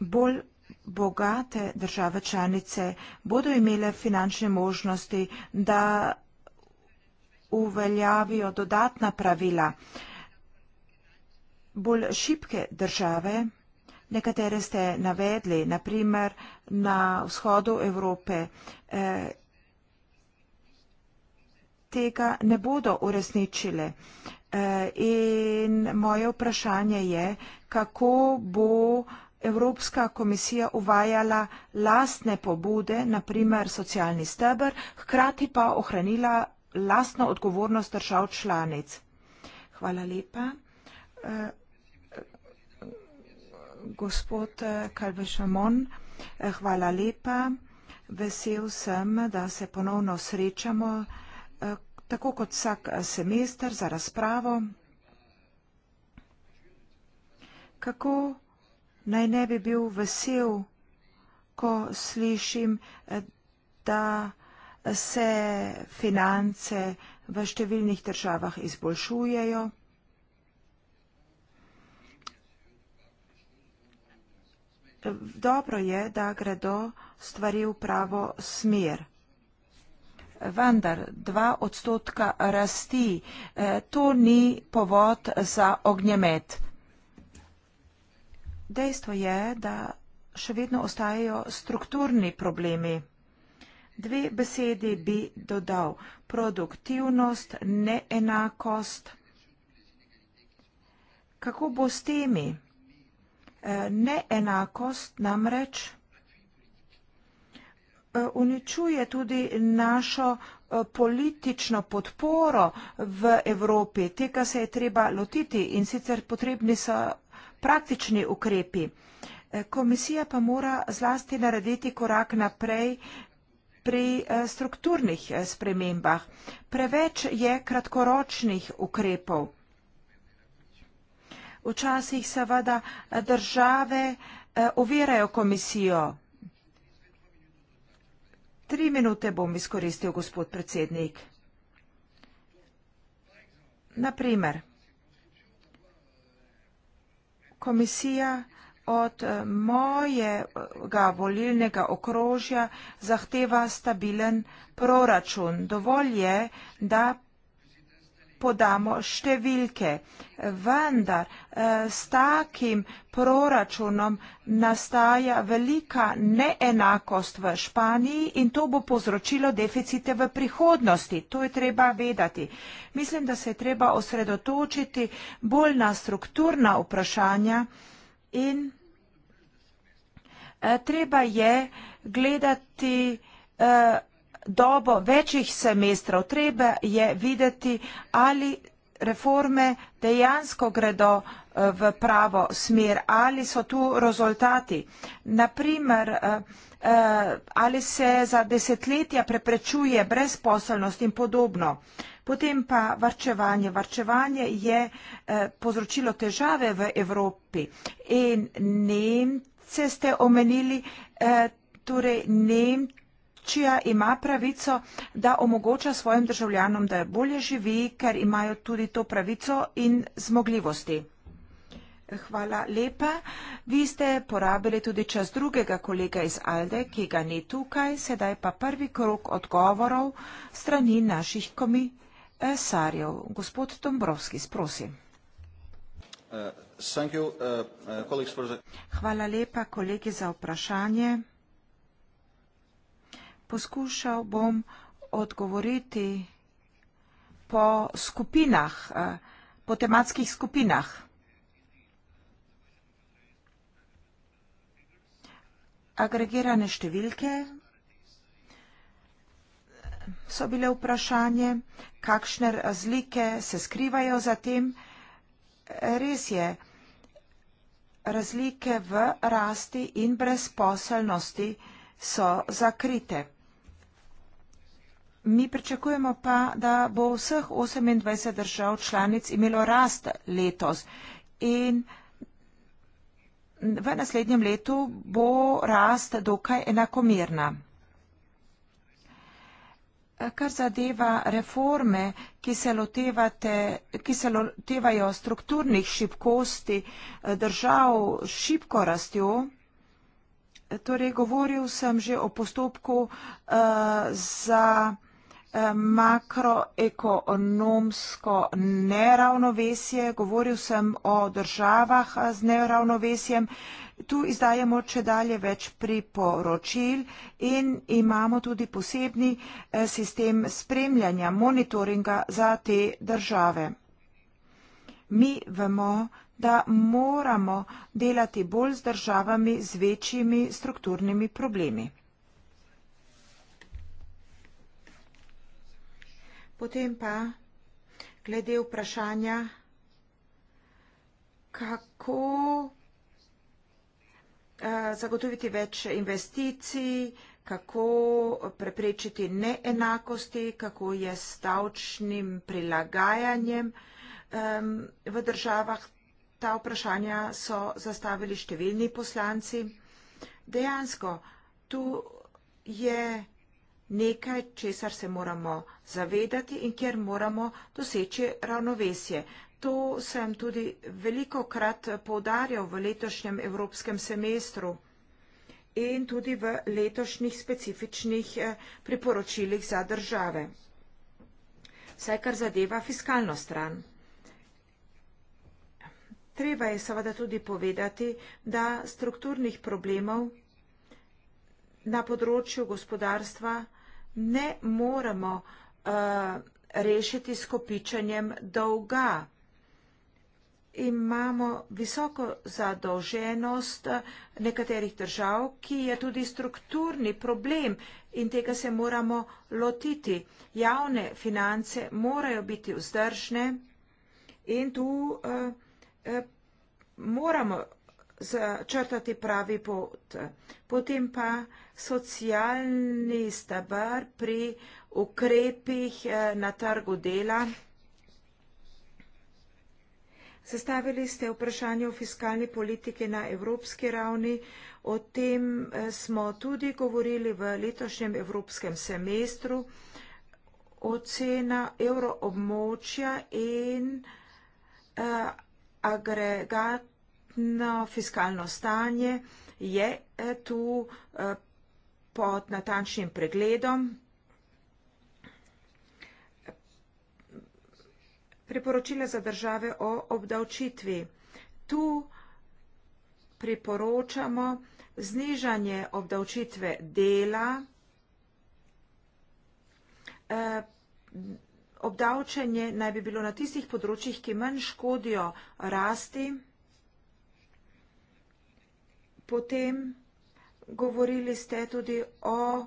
bolj bogate države članice bodo imele finančne možnosti, da uveljavijo dodatna pravila. Bolj šibke države, nekatere ste navedli, naprimer na vzhodu Evrope, eh, tega ne bodo uresničile. Eh, in moje vprašanje je, kako bo Evropska komisija uvajala lastne pobude, naprimer socialni stebr, hkrati pa ohranila lastno odgovornost držav članic. Hvala lepa. Eh, gospod Kalvešamon, eh, eh, hvala lepa. Vesel sem, da se ponovno srečamo, tako kot vsak semester, za razpravo. Kako naj ne bi bil vesel, ko slišim, eh, da se finance v številnih državah izboljšujejo. Dobro je, da gredo stvari v pravo smer. Vendar dva odstotka rasti, eh, to ni povod za ognjemet dejstvo je, da še vedno ostajajo strukturni problemi. Dve besedi bi dodal. Produktivnost, neenakost. Kako bo s temi? E, neenakost namreč e, uničuje tudi našo e, politično podporo v Evropi. Tega se je treba lotiti in sicer potrebni so praktični ukrepi. Eh, komisija pa mora zlasti narediti korak naprej pri eh, strukturnih eh, spremembah. Preveč je kratkoročnih ukrepov. Včasih seveda države ovirajo komisijo. Tri minute bom izkoristil, gospod predsednik. Naprimer komisija od eh, mojega volilnega okrožja zahteva stabilen proračun. Dovolj je, da podamo številke. Vendar eh, s takim proračunom nastaja velika neenakost v Španiji in to bo povzročilo deficite v prihodnosti. To je treba vedeti. Mislim, da se je treba osredotočiti bolj na strukturna vprašanja in eh, treba je gledati eh, dobo večjih semestrov. Treba je videti, ali reforme dejansko gredo eh, v pravo smer, ali so tu rezultati. Naprimer, eh, eh, ali se za desetletja preprečuje brezposelnost in podobno. Potem pa varčevanje. Varčevanje je povzročilo težave v Evropi. In Nemce ste omenili, torej Nemce. Turčija ima pravico, da omogoča svojim državljanom, da bolje živi, ker imajo tudi to pravico in zmogljivosti. Hvala lepa. Vi ste porabili tudi čas drugega kolega iz Alde, ki ga ni tukaj, sedaj pa prvi krok odgovorov strani naših komisarjev. Gospod Dombrovski, sprosi. Uh, uh, uh, Hvala lepa kolegi za vprašanje. Poskušal bom odgovoriti po skupinah, eh, po tematskih skupinah. Agregirane številke so bile vprašanje, kakšne razlike se skrivajo za tem. Res je, razlike v rasti in brezposelnosti so zakrite. Mi pričakujemo pa, da bo vseh 28 držav članic imelo rast letos in v naslednjem letu bo rast dokaj enakomirna. Kar zadeva reforme, ki se, ki se lotevajo strukturnih šibkosti eh, držav šibko rastjo, torej govoril sem že o postopku uh, za Eh, makroekonomsko neravnovesje. Govoril sem o državah eh, z neravnovesjem. Tu izdajemo če dalje več priporočil in imamo tudi posebni eh, sistem spremljanja, monitoringa za te države. Mi vemo, da moramo delati bolj z državami z večjimi strukturnimi problemi. Potem pa glede vprašanja, kako eh, zagotoviti več investicij, kako preprečiti neenakosti, kako je s davčnim prilagajanjem v državah. Ta vprašanja so zastavili številni poslanci. Dejansko tu je nekaj, česar se moramo zavedati in kjer moramo doseči ravnovesje. To sem tudi veliko krat povdarjal v letošnjem evropskem semestru in tudi v letošnjih specifičnih eh, priporočilih za države. Vsaj kar zadeva fiskalno stran. Treba je seveda tudi povedati, da strukturnih problemov na področju gospodarstva ne moremo uh, rešiti s kopičanjem dolga. Imamo visoko zadolženost eh, nekaterih držav, ki je tudi strukturni problem in tega se moramo lotiti. Javne finance morajo biti vzdržne in tu uh, uh, moramo začrtati pravi pot. Potem pa socialni stabar pri ukrepih eh, na trgu dela. Zastavili ste vprašanje o fiskalni politiki na evropski ravni. O tem eh, smo tudi govorili v letošnjem evropskem semestru. Ocena evroobmočja in uh, agregat trenutno fiskalno stanje je eh, tu eh, pod natančnim pregledom. Priporočila za države o obdavčitvi. Tu priporočamo znižanje obdavčitve dela, eh, obdavčenje naj bi bilo na tistih področjih, ki manj škodijo rasti potem govorili ste tudi o uh,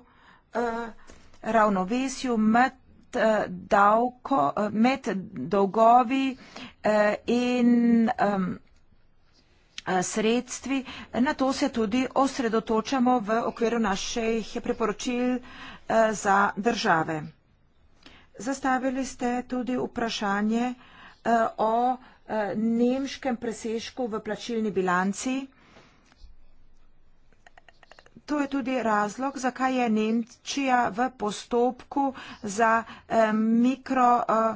ravnovesju med, uh, davko, uh, med dolgovi uh, in um, sredstvi. Na to se tudi osredotočamo v okviru naših priporočil uh, za države. Zastavili ste tudi vprašanje uh, o uh, nemškem presežku v plačilni bilanci to je tudi razlog, zakaj je Nemčija v postopku za eh, mikro. Eh,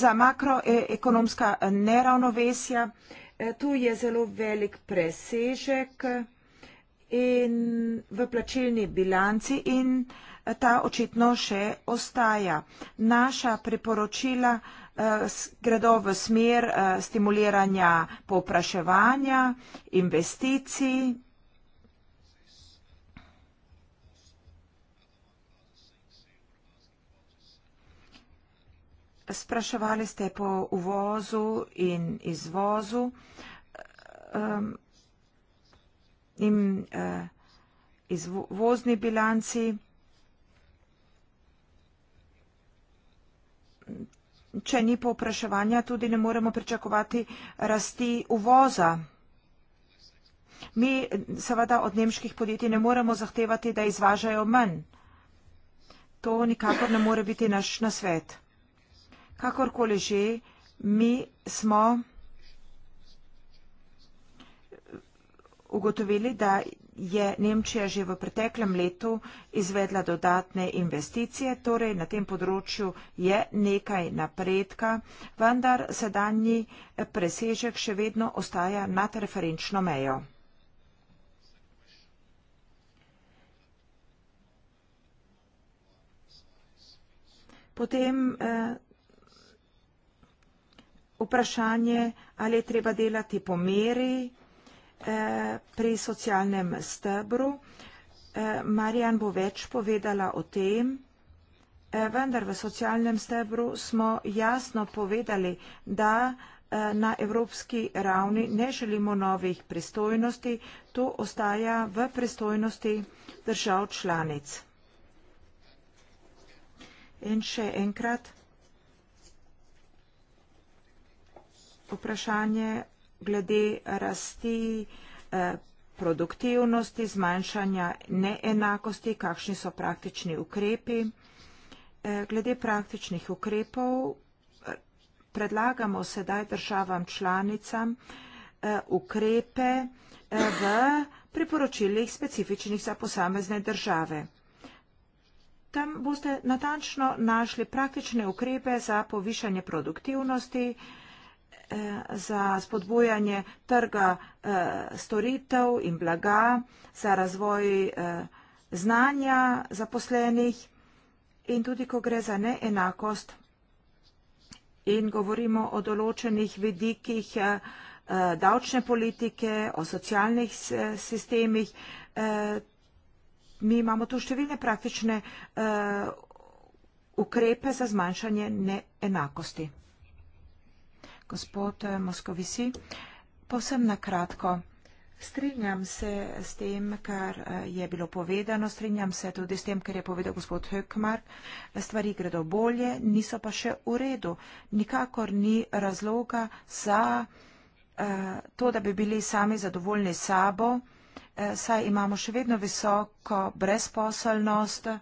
za makroekonomska eh, neravnovesja. Eh, tu je zelo velik presežek in v plačilni bilanci in eh, ta očitno še ostaja. Naša priporočila gredo v smer stimuliranja popraševanja, investicij Spraševali ste po uvozu in izvozu. Um, in uh, izvozni bilanci. Če ni povpraševanja, tudi ne moremo pričakovati rasti uvoza. Mi seveda od nemških podjetij ne moremo zahtevati, da izvažajo manj. To nikakor ne more biti naš nasvet. Kakorkoli že, mi smo ugotovili, da je Nemčija že v preteklem letu izvedla dodatne investicije, torej na tem področju je nekaj napredka, vendar sedanji presežek še vedno ostaja nad referenčno mejo. Potem eh, vprašanje, ali je treba delati po meri eh, pri socialnem stebru. Eh, Marjan bo več povedala o tem, eh, vendar v socialnem stebru smo jasno povedali, da eh, na evropski ravni ne želimo novih pristojnosti, to ostaja v pristojnosti držav članic. In še enkrat. vprašanje glede rasti eh, produktivnosti, zmanjšanja neenakosti, kakšni so praktični ukrepi. Eh, glede praktičnih ukrepov eh, predlagamo sedaj državam članicam ukrepe v priporočilih specifičnih za posamezne države. Tam boste natančno našli praktične ukrepe za povišanje produktivnosti, Eh, za spodbojanje trga eh, storitev in blaga, za razvoj eh, znanja zaposlenih in tudi, ko gre za neenakost in govorimo o določenih vidikih davčne politike, o socialnih sistemih, mi imamo tu številne praktične ukrepe za zmanjšanje neenakosti. Gospod Moskovisi, posem nakratko. Strinjam se s tem, kar eh, je bilo povedano, strinjam se tudi s tem, kar je povedal gospod Hökmark. Stvari gredo bolje, niso pa še v redu. Nikakor ni razloga za eh, to, da bi bili sami zadovoljni sabo, eh, saj imamo še vedno visoko brezposelnost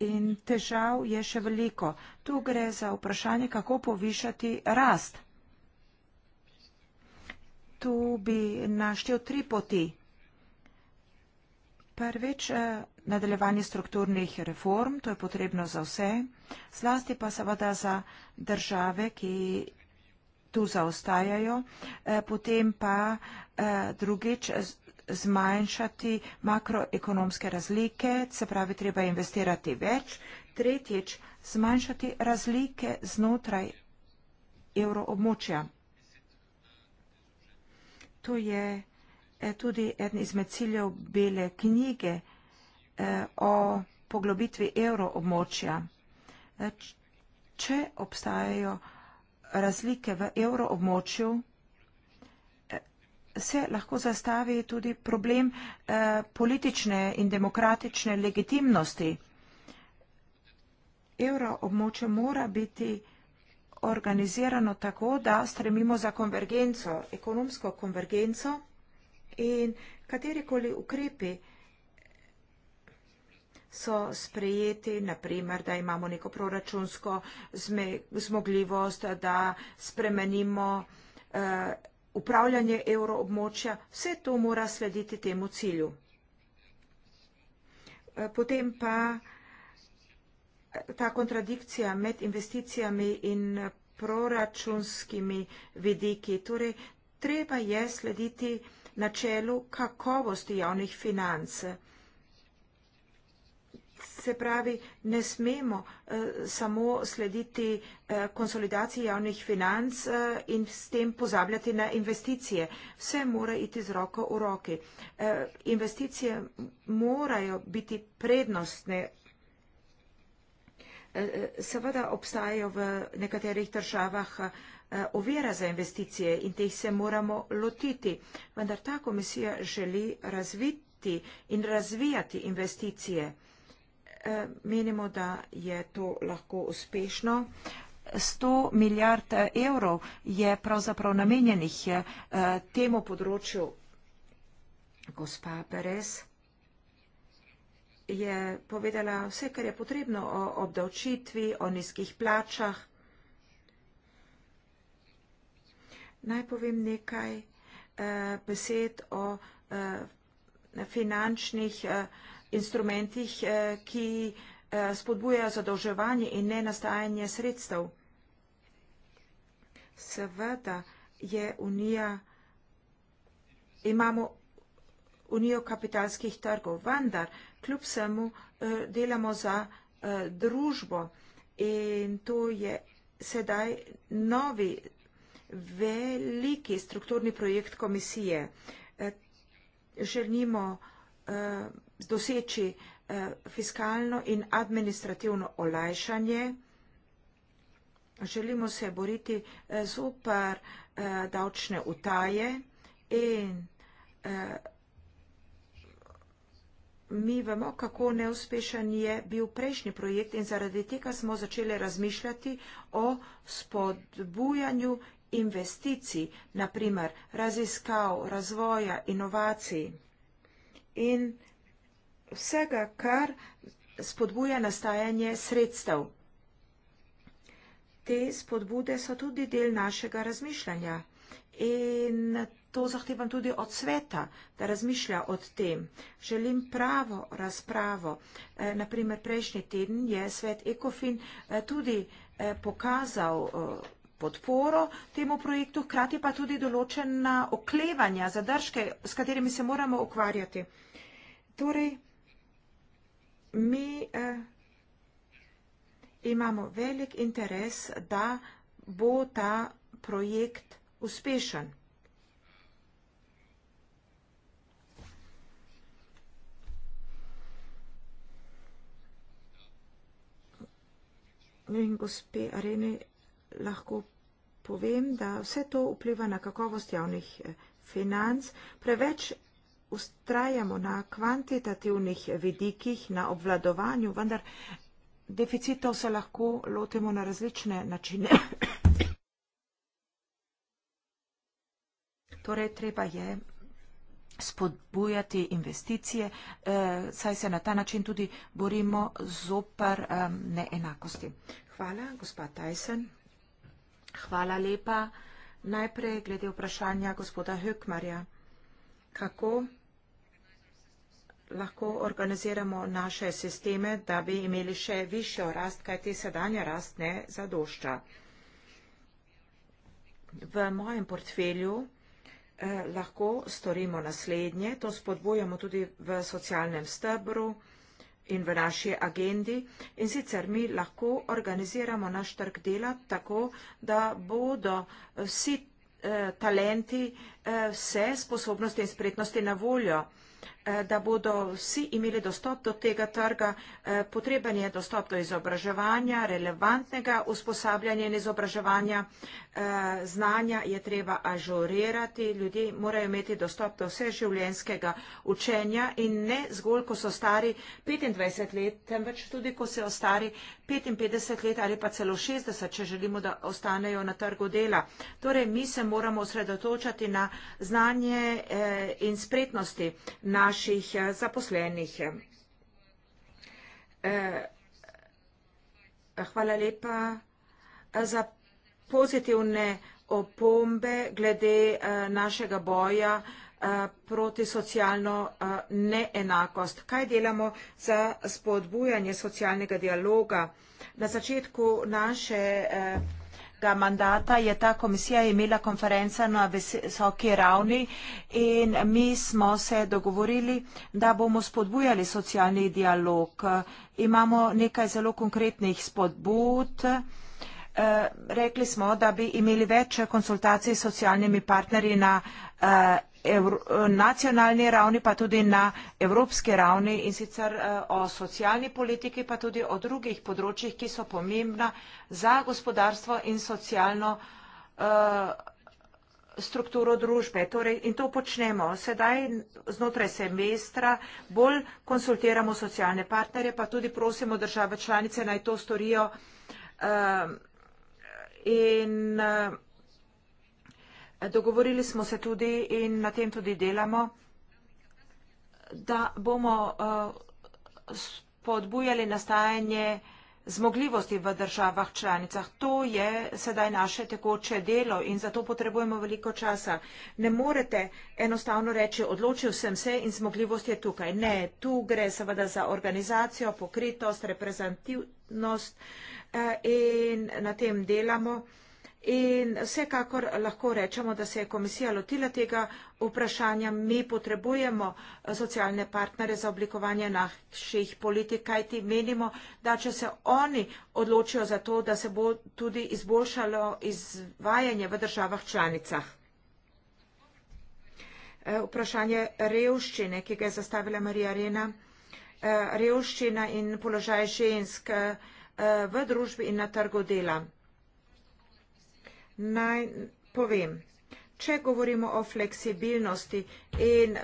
in težav je še veliko. Tu gre za vprašanje, kako povišati rast. Tu bi naštel tri poti. Prvič, eh, nadaljevanje strukturnih reform, to je potrebno za vse, zlasti pa seveda za države, ki tu zaostajajo, eh, potem pa eh, drugič zmanjšati makroekonomske razlike, se pravi, treba investirati več. Tretjič, zmanjšati razlike znotraj evroobmočja. To je eh, tudi eden izmed ciljev bele knjige eh, o poglobitvi evroobmočja. Eh, če obstajajo razlike v evroobmočju, se lahko zastavi tudi problem eh, politične in demokratične legitimnosti. Evroobmoče mora biti organizirano tako, da stremimo za konvergenco, ekonomsko konvergenco in katerikoli ukrepi so sprejeti, naprimer, da imamo neko proračunsko zmogljivost, da spremenimo eh, upravljanje evroobmočja, vse to mora slediti temu cilju. Eh, potem pa eh, ta kontradikcija med investicijami in eh, proračunskimi vidiki. Torej, treba je slediti načelu kakovosti javnih financ. Se pravi, ne smemo uh, samo slediti uh, konsolidaciji javnih financ uh, in s tem pozabljati na investicije. Vse mora iti z roko v roki. Uh, investicije morajo biti prednostne. Seveda obstajajo v nekaterih državah ovira za investicije in teh se moramo lotiti, vendar ta komisija želi razviti in razvijati investicije. Eh, menimo, da je to lahko uspešno. 100 milijard eh, evrov je pravzaprav namenjenih eh, temu področju. Gospa Perez je povedala vse, kar je potrebno o obdavčitvi, o nizkih plačah. Naj povem nekaj besed o finančnih instrumentih, eh, ki eh, spodbujajo zadolževanje in nenastajanje sredstev. Seveda je unija, imamo unijo kapitalskih trgov, vendar kljub vsemu eh, delamo za družbo in to je sedaj novi veliki strukturni projekt komisije. Želimo doseči eh, fiskalno in administrativno olajšanje. Želimo se boriti super eh, eh, davčne utaje in mi vemo, kako neuspešen je bil prejšnji projekt in zaradi tega smo začeli razmišljati o spodbujanju investicij, naprimer raziskav, razvoja, inovacij in vsega vsega, kar spodbuja nastajanje sredstev. Te spodbude so tudi del našega razmišljanja in to zahtevam tudi od sveta, da razmišlja o tem. Želim pravo razpravo. E, Naprimer, prejšnji teden je svet Ekofin e, tudi e, pokazal podporo temu projektu, hkrati pa tudi določena oklevanja, zadržke, s katerimi se moramo ukvarjati. Torej, mi eh, imamo velik interes, da bo ta projekt uspešen. In gospe Areni, lahko povem, da vse to vpliva na kakovost javnih eh, financ. Preveč ustrajamo na kvantitativnih vidikih, na obvladovanju, vendar deficitov se lahko lotimo na različne načine. Torej, treba je spodbujati investicije, eh, saj se na ta način tudi borimo zopar neenakosti. Hvala, gospa Tyson. Hvala lepa. Najprej glede vprašanja gospoda Hökmarja. Kako lahko organiziramo naše sisteme, da bi imeli še višjo rast, kaj ti sedanja rast ne zadošča. V mojem portfelju eh, lahko storimo naslednje, to spodbujamo tudi v socialnem stebru in v naši agendi in sicer mi lahko organiziramo naš trg dela tako, da bodo vsi eh, talenti, eh, vse sposobnosti in spretnosti na voljo. Eh, da bodo vsi imeli dostop do tega trga, eh, potreben je dostop do izobraževanja, relevantnega usposabljanja in izobraževanja, eh, znanja je treba ažurirati, ljudje morajo imeti dostop do vseživljenjskega učenja in ne zgolj, ko so stari 25 let, temveč tudi, ko se ostari 55 let ali pa celo 60, če želimo, da ostanejo na trgu dela. Torej, mi se moramo osredotočati na znanje in spretnosti naše naših eh, zaposlenih. Eh, hvala lepa eh, za pozitivne opombe glede našega boja proti socialno neenakost. Kaj delamo za spodbujanje socialnega dialoga? Na začetku naše prejšnjega mandata je ta komisija imela konferenca na visoki ravni in mi smo se dogovorili, da bomo spodbujali socialni dialog. Imamo nekaj zelo konkretnih spodbud. Eh, rekli smo, da bi imeli več konsultacij s socialnimi partnerji na eh, nacionalni ravni, pa tudi na evropski ravni in sicer eh, o socialni politiki, pa tudi o drugih področjih, ki so pomembna za gospodarstvo in socialno eh, strukturo družbe. Torej, in to počnemo. Sedaj znotraj semestra bolj konsultiramo socialne partnerje, pa tudi prosimo države članice naj to storijo. Uh, in uh, Dogovorili smo se tudi in na tem tudi delamo, da bomo eh, spodbujali nastajanje zmogljivosti v državah članicah. To je sedaj naše tekoče delo in zato potrebujemo veliko časa. Ne morete enostavno reči, odločil sem se in zmogljivost je tukaj. Ne, tu gre seveda za organizacijo, pokritost, reprezentativnost eh, in na tem delamo. In vsekakor lahko rečemo, da se je komisija lotila tega vprašanja. Mi potrebujemo eh, socialne partnere za oblikovanje naših politik, kajti menimo, da če se oni odločijo za to, da se bo tudi izboljšalo izvajanje v državah članicah. Eh, vprašanje revščine, ki ga je zastavila Marija Rena. Eh, revščina in položaj žensk v družbi in na trgu dela naj povem. Če govorimo o fleksibilnosti in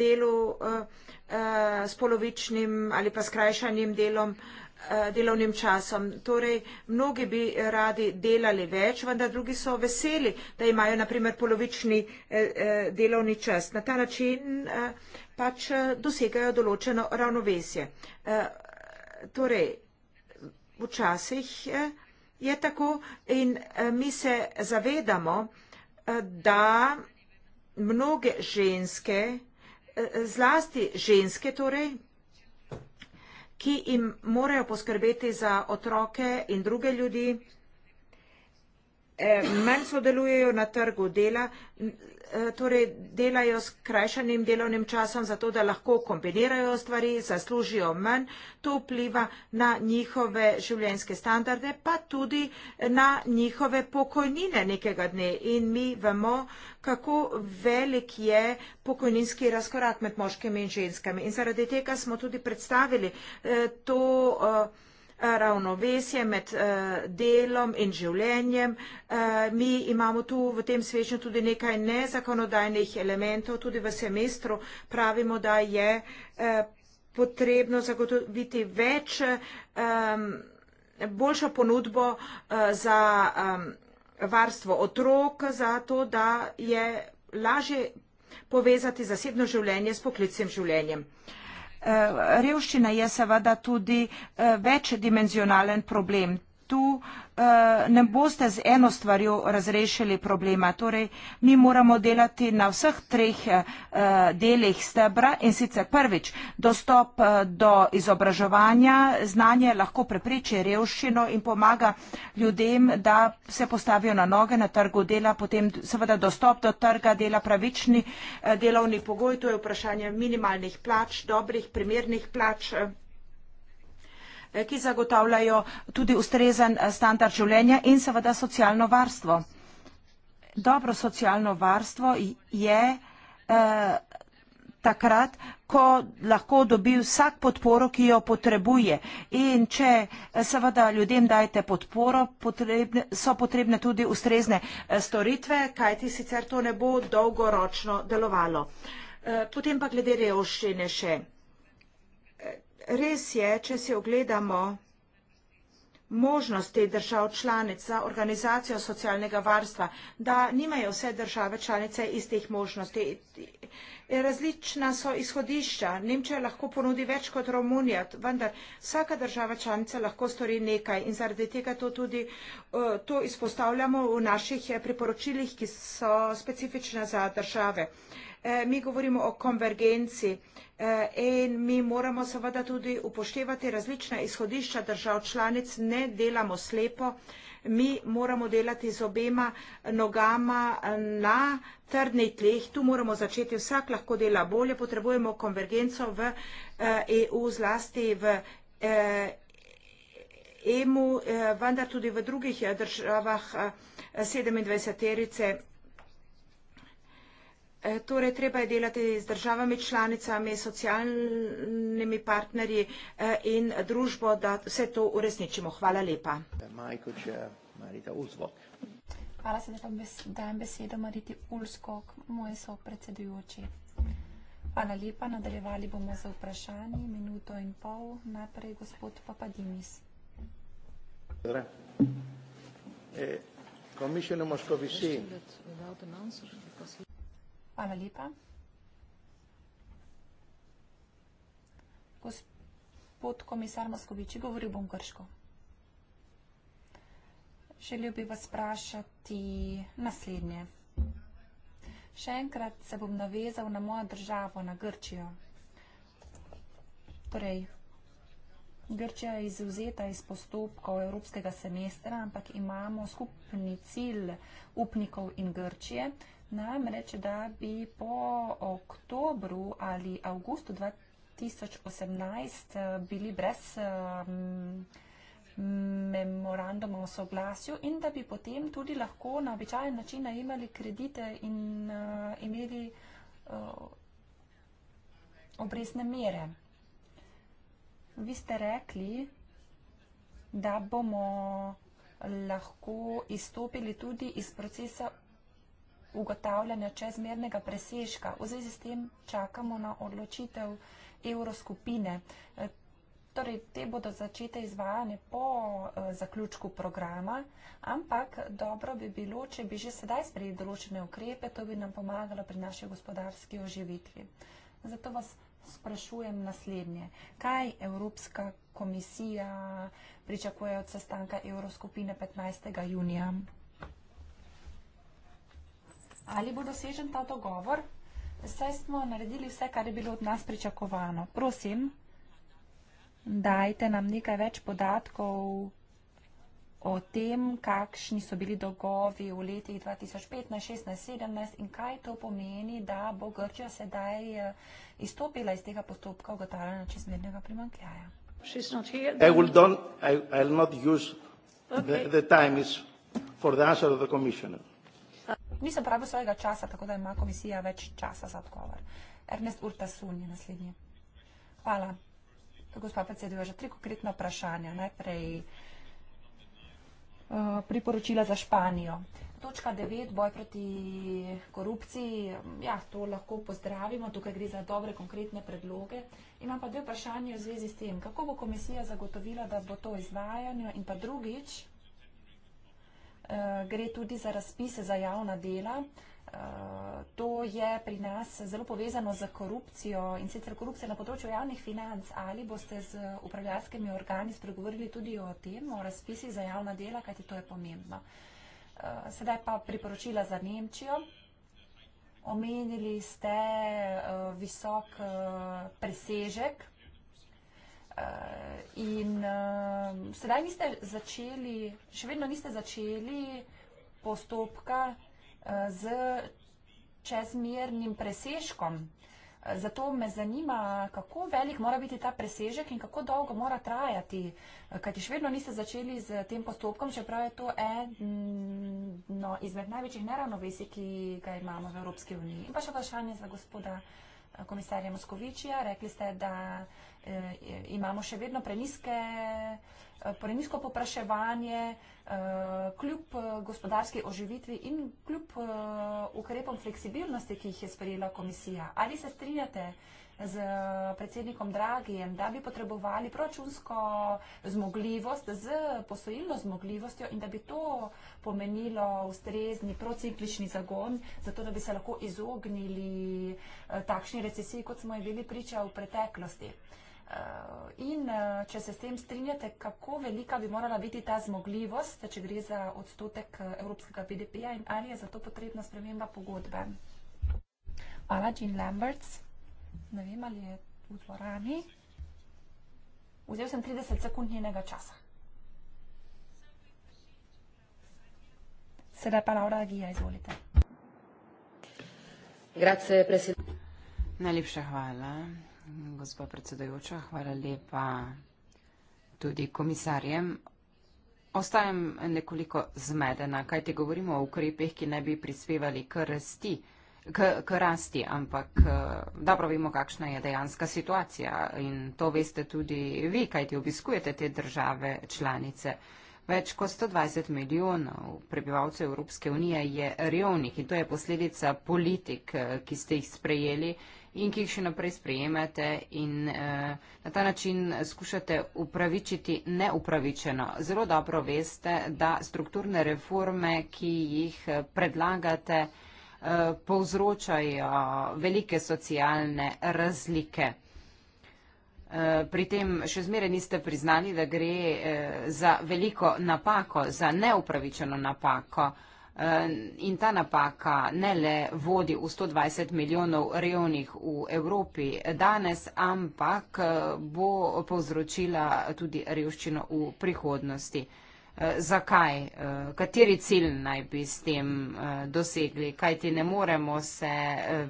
delu uh, uh, s polovičnim ali pa skrajšanim delom, eh, delovnim časom. Torej, mnogi bi radi delali več, vendar drugi so veseli, da imajo naprimer polovični delovni čas. Na ta način pač dosegajo določeno ravnovesje. Torej, včasih je tako in eh, mi se zavedamo, eh, da mnoge ženske, eh, zlasti ženske torej, ki jim morajo poskrbeti za otroke in druge ljudi, manj sodelujejo na trgu dela, Eh, torej delajo s krajšanim delovnim časom, zato da lahko kombinirajo stvari, zaslužijo manj, to vpliva na njihove življenjske standarde, pa tudi na njihove pokojnine nekega dne. In mi vemo, kako velik je pokojninski razkorak med moškimi in ženskami. In zaradi tega smo tudi predstavili eh, to. Uh, ravnovesje med eh, delom in življenjem. Eh, mi imamo tu v tem svečnju tudi nekaj nezakonodajnih elementov, tudi v semestru pravimo, da je eh, potrebno zagotoviti več, ehm, boljšo ponudbo za ehm, varstvo otrok, zato da je lažje povezati zasebno življenje s poklicnim življenjem. Eh, revščina je seveda tudi eh, večdimenzionalen problem tu eh, ne boste z eno stvarjo razrešili problema. Torej, mi moramo delati na vseh treh eh, delih stebra in sicer prvič dostop eh, do izobraževanja, znanje lahko prepreči revščino in pomaga ljudem, da se postavijo na noge na trgu dela, potem seveda dostop do trga dela, pravični delovni pogoj, to je vprašanje minimalnih plač, dobrih, primernih plač. Eh, ki zagotavljajo tudi ustrezen eh, standard življenja in seveda socialno varstvo. Dobro socialno varstvo je eh, takrat, ko lahko dobi vsak podporo, ki jo potrebuje. In če eh, seveda ljudem dajete podporo, potrebne, so potrebne tudi ustrezne storitve, kajti sicer to ne bo dolgoročno delovalo. Eh, potem pa glede revščine še res je, če si ogledamo možnosti držav članic za organizacijo socialnega varstva, da nimajo vse države članice istih možnosti. Različna so izhodišča. Nemčija lahko ponudi več kot Romunija, vendar vsaka država članica lahko stori nekaj in zaradi tega to tudi eh, to izpostavljamo v naših eh, priporočilih, ki so specifična za države. Eh, mi govorimo o konvergenci eh, in mi moramo seveda tudi upoštevati različna izhodišča držav članic, ne delamo slepo, mi moramo delati z obema nogama eh, na trdnih tleh, tu moramo začeti, vsak lahko dela bolje, potrebujemo konvergenco v EU, e zlasti v EMU, e vendar tudi v drugih državah 27-terice. E, torej treba je delati z državami članicami, socialnimi partnerji e, in družbo, da vse to uresničimo. Hvala lepa. Hvala se, da dajem besedo Mariti Ulskog, moj so predsedujoči. Hvala lepa, nadaljevali bomo za vprašanje, minuto in pol, najprej gospod Papadimis. Zdra. E, Komisjeno Moskovi si. Hvala lepa. Gospod komisar Moskoviči, govoril bom grško. Želel bi vas sprašati naslednje. Še enkrat se bom navezal na mojo državo, na Grčijo. Torej, Grčija je izuzeta iz postopkov evropskega semestra, ampak imamo skupni cilj upnikov in Grčije, Namreč, da bi po oktobru ali avgustu 2018 eh, bili brez eh, memorandoma o soglasju in da bi potem tudi lahko na običajen način najemali kredite in eh, imeli obresne mere. Vi ste rekli, da bomo lahko izstopili tudi iz procesa ugotavljanja čezmernega presežka. V zvezi s tem čakamo na odločitev evroskupine. E, torej, te bodo začete izvajanje po e, zaključku programa, ampak dobro bi bilo, če bi že sedaj sprejeli določene ukrepe, to bi nam pomagalo pri naši gospodarski oživitvi. Zato vas sprašujem naslednje. Kaj Evropska komisija pričakuje od sestanka Evroskupine 15. junija? ali bo dosežen ta dogovor. Saj smo naredili vse, kar je bilo od nas pričakovano. Prosim, dajte nam nekaj več podatkov o tem, kakšni so bili dogovi v letih 2015, 2016, 2017 in kaj to pomeni, da bo Grčija sedaj eh, izstopila iz tega postopka ugotavljanja čezmernega primankljaja. I will don't, I, I'll not use okay. the, the time is for the answer of the commissioner nisem porabil svojega časa, tako da ima komisija več časa za odgovor. Ernest Urtasun je naslednji. Hvala. Gospa predsedujo, že tri konkretna vprašanja. Najprej uh, priporočila za Španijo. Točka 9, boj proti korupciji. Ja, to lahko pozdravimo, tukaj gre za dobre, konkretne predloge. Imam pa dve vprašanje v zvezi s tem, kako bo komisija zagotovila, da bo to izvajanje in pa drugič, Eh, gre tudi za razpise za javna dela. Eh, to je pri nas zelo povezano z korupcijo in sicer korupcija na področju javnih financ. Ali boste z upravljalskimi organi spregovorili tudi o tem, o razpisi za javna dela, kajti to je pomembno. Eh, sedaj pa priporočila za Nemčijo. Omenili ste visok presežek Uh, in uh, sedaj niste začeli, še vedno niste začeli postopka uh, z čezmernim preseškom. Uh, zato me zanima, kako velik mora biti ta presežek in kako dolgo mora trajati, uh, kajti še vedno niste začeli z tem postopkom, čeprav je to eno izmed največjih neravnovesij, ki ga imamo v Evropski uniji. In pa še vprašanje za gospoda uh, komisarja Moskovičija. Rekli ste, da eh, imamo še vedno preniske, eh, prenisko popraševanje, eh, kljub gospodarski oživitvi in kljub ukrepom fleksibilnosti, ki jih je sprejela komisija. Ali se strinjate, z predsednikom Dragijem, da bi potrebovali proračunsko zmogljivost z posojilno zmogljivostjo in da bi to pomenilo ustrezni prociklični zagon, zato da bi se lahko izognili eh, takšni recesiji, kot smo je bili priča v preteklosti. Eh, in eh, če se s tem strinjate, kako velika bi morala biti ta zmogljivost, če gre za odstotek evropskega BDP-ja in ali je za to potrebna sprememba pogodbe? Hvala, Jean Lamberts ne vem, ali je v dvorani. Vzel sem 30 sekund njenega časa. Sedaj pa Laura Agija, izvolite. Grazie, Najlepša hvala, gospod predsedojoča. Hvala lepa tudi komisarjem. Ostajam nekoliko zmedena, kaj ti govorimo o ukrepih, ki ne bi prispevali k rasti k, k rasti, ampak eh, dobro vemo, kakšna je dejanska situacija in to veste tudi vi, kajti obiskujete te države članice. Več kot 120 milijonov prebivalcev Evropske unije je revnih in to je posledica politik, eh, ki ste jih sprejeli in ki jih še naprej sprejemate in eh, na ta način skušate upravičiti neupravičeno. Zelo dobro veste, da strukturne reforme, ki jih eh, predlagate, eh, Eh, povzročajo velike socialne razlike. Eh, pri tem še zmeraj niste priznali, da gre eh, za veliko napako, za neupravičeno napako. In ta napaka ne le vodi v 120 milijonov revnih v Evropi danes, ampak bo povzročila tudi revščino v prihodnosti. Eh, zakaj, eh, kateri cilj naj bi s tem eh, dosegli, kajti ne moremo se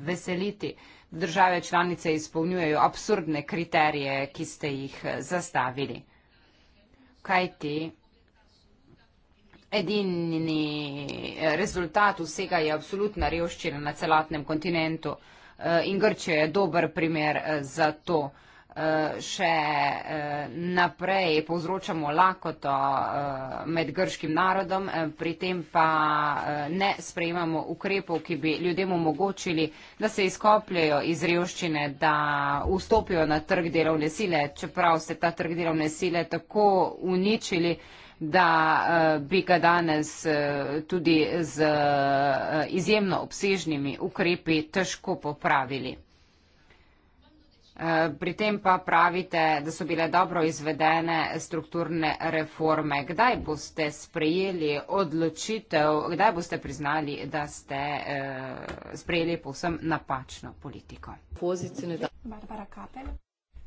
veseliti. Države članice izpolnjujejo absurdne kriterije, ki ste jih zastavili. Kajti edini rezultat vsega je absolutna revščina na celotnem kontinentu in Grčija je dober primer za to. Eh, še eh, naprej povzročamo lakoto eh, med grškim narodom, pri tem pa ne sprejemamo ukrepov, ki bi ljudem omogočili, da se izkopljajo iz revščine, da vstopijo na trg delovne sile, čeprav ste ta trg delovne sile tako uničili da bi ga danes tudi z izjemno obsežnimi ukrepi težko popravili. Eh, pri tem pa pravite, da so bile dobro izvedene strukturne reforme. Kdaj boste sprejeli odločitev, kdaj boste priznali, da ste eh, sprejeli povsem napačno politiko? Barbara Kapel.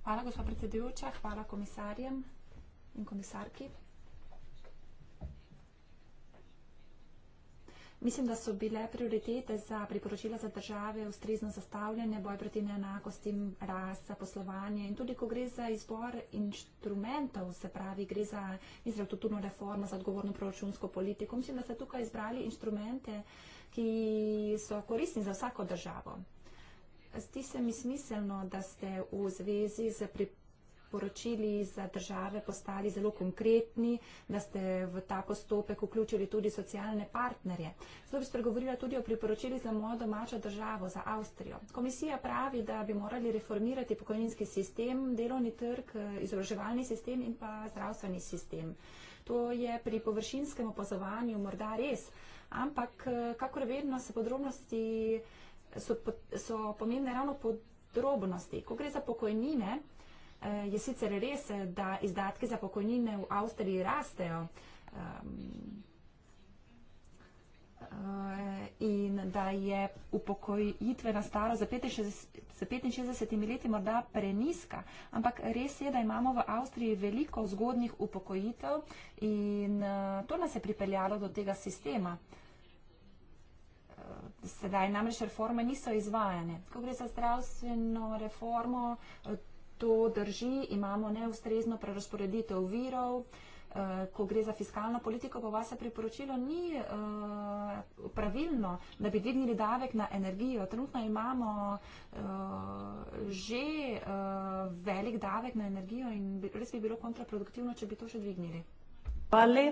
Hvala, gospod predsedujoča, hvala komisarjem in komisarki. Mislim, da so bile prioritete za priporočila za države ustrezno zastavljene, boj proti neenakosti, rast, zaposlovanje in tudi, ko gre za izbor inštrumentov, se pravi, gre za izravnotuno reformo, za odgovorno proračunsko politiko. Mislim, da ste tukaj izbrali inštrumente, ki so koristni za vsako državo. Zdi se mi smiselno, da ste v zvezi z priporočili poročili za države postali zelo konkretni, da ste v ta postopek vključili tudi socialne partnerje. Zdaj bi spregovorila tudi o priporočili za mojo domačo državo, za Avstrijo. Komisija pravi, da bi morali reformirati pokojninski sistem, delovni trg, izobraževalni sistem in pa zdravstveni sistem. To je pri površinskem opazovanju morda res, ampak kakor vedno se podrobnosti so, so pomembne ravno podrobnosti. Ko gre za pokojnine, Eh, je sicer res, eh, da izdatke za pokojnine v Avstriji rastejo ehm, eh, in da je upokojitvena stara za 65 leti morda preniska. Ampak res je, da imamo v Avstriji veliko zgodnih upokojitev in to nas je pripeljalo do tega sistema. Sedaj namreč reforme niso izvajane. Ko gre za zdravstveno reformo, to drži, imamo neustrezno prerasporeditev virov. Eh, ko gre za fiskalno politiko, pa vas je priporočilo, ni uh, pravilno, da bi dvignili davek na energijo. Trenutno imamo uh, že uh, velik davek na energijo in res bi bilo kontraproduktivno, če bi to še dvignili. Hvala.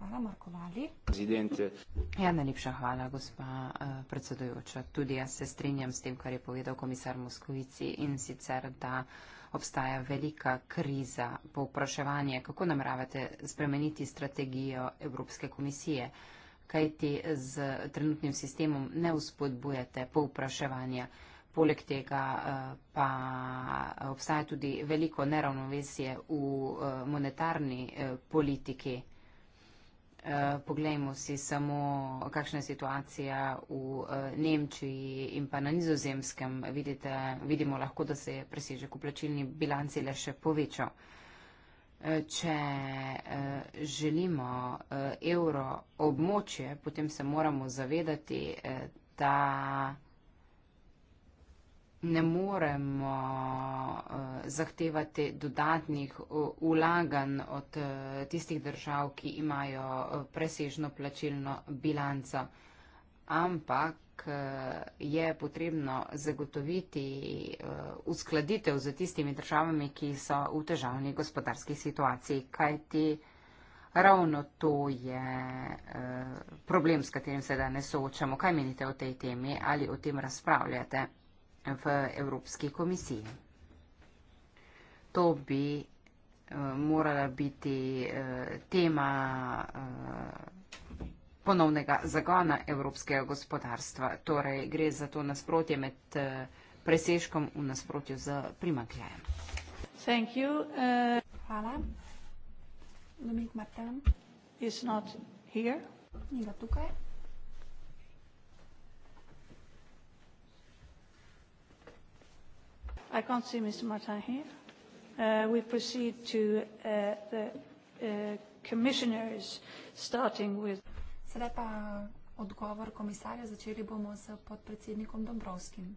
Hvala, Marko Vali. Prezidente. Ja, najlepša hvala, gospa uh, predsedujoča. Tudi jaz se strinjam s tem, kar je povedal komisar Moskovici in sicer, da. Uh, obstaja velika kriza povpraševanja. Kako nameravate spremeniti strategijo Evropske komisije? Kaj ti z trenutnim sistemom ne uspodbujate povpraševanja? Poleg tega eh, pa obstaja tudi veliko neravnovesje v eh, monetarni eh, politiki. Eh, poglejmo si samo, kakšna je situacija v eh, Nemčiji in pa na nizozemskem. Vidite, vidimo lahko, da se je presežek v plačilni bilanci le še povečal. Eh, če želimo evro območje, potem se moramo zavedati, da ne moremo eh, zahtevati dodatnih ulagan eh, od eh, tistih držav, ki imajo presežno plačilno bilanco, ampak je potrebno zagotoviti uskladitev z tistimi državami, ki so v težavni gospodarski situaciji, kajti ravno to je problem, s katerim se danes soočamo. Kaj menite o tej temi ali o tem razpravljate? v Evropski komisiji. To bi uh, morala biti uh, tema uh, ponovnega zagona evropskega gospodarstva. Torej, gre za to nasprotje med uh, preseškom v nasprotju z primankljajem. Uh... Hvala. Dominik Martin. Ni ga tukaj. I can't see Mr. Martin here. Uh, we proceed to uh, the uh, commissioners, starting with. Sedaj pa odgovor komisarja, začeli bomo s podpredsednikom Dombrovskim.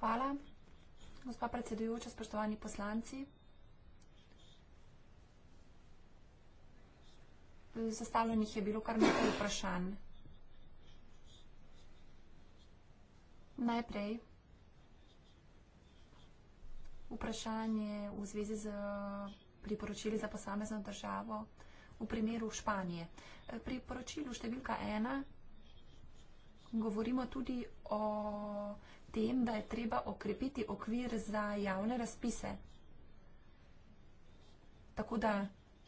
Hvala. Gospa predsedujoča, spoštovani poslanci. Zastavljenih je bilo kar nekaj vprašanj. Najprej vprašanje v zvezi z priporočili za posamezno državo v primeru Španije. Pri poročilu številka ena govorimo tudi o tem, da je treba okrepiti okvir za javne razpise. Tako da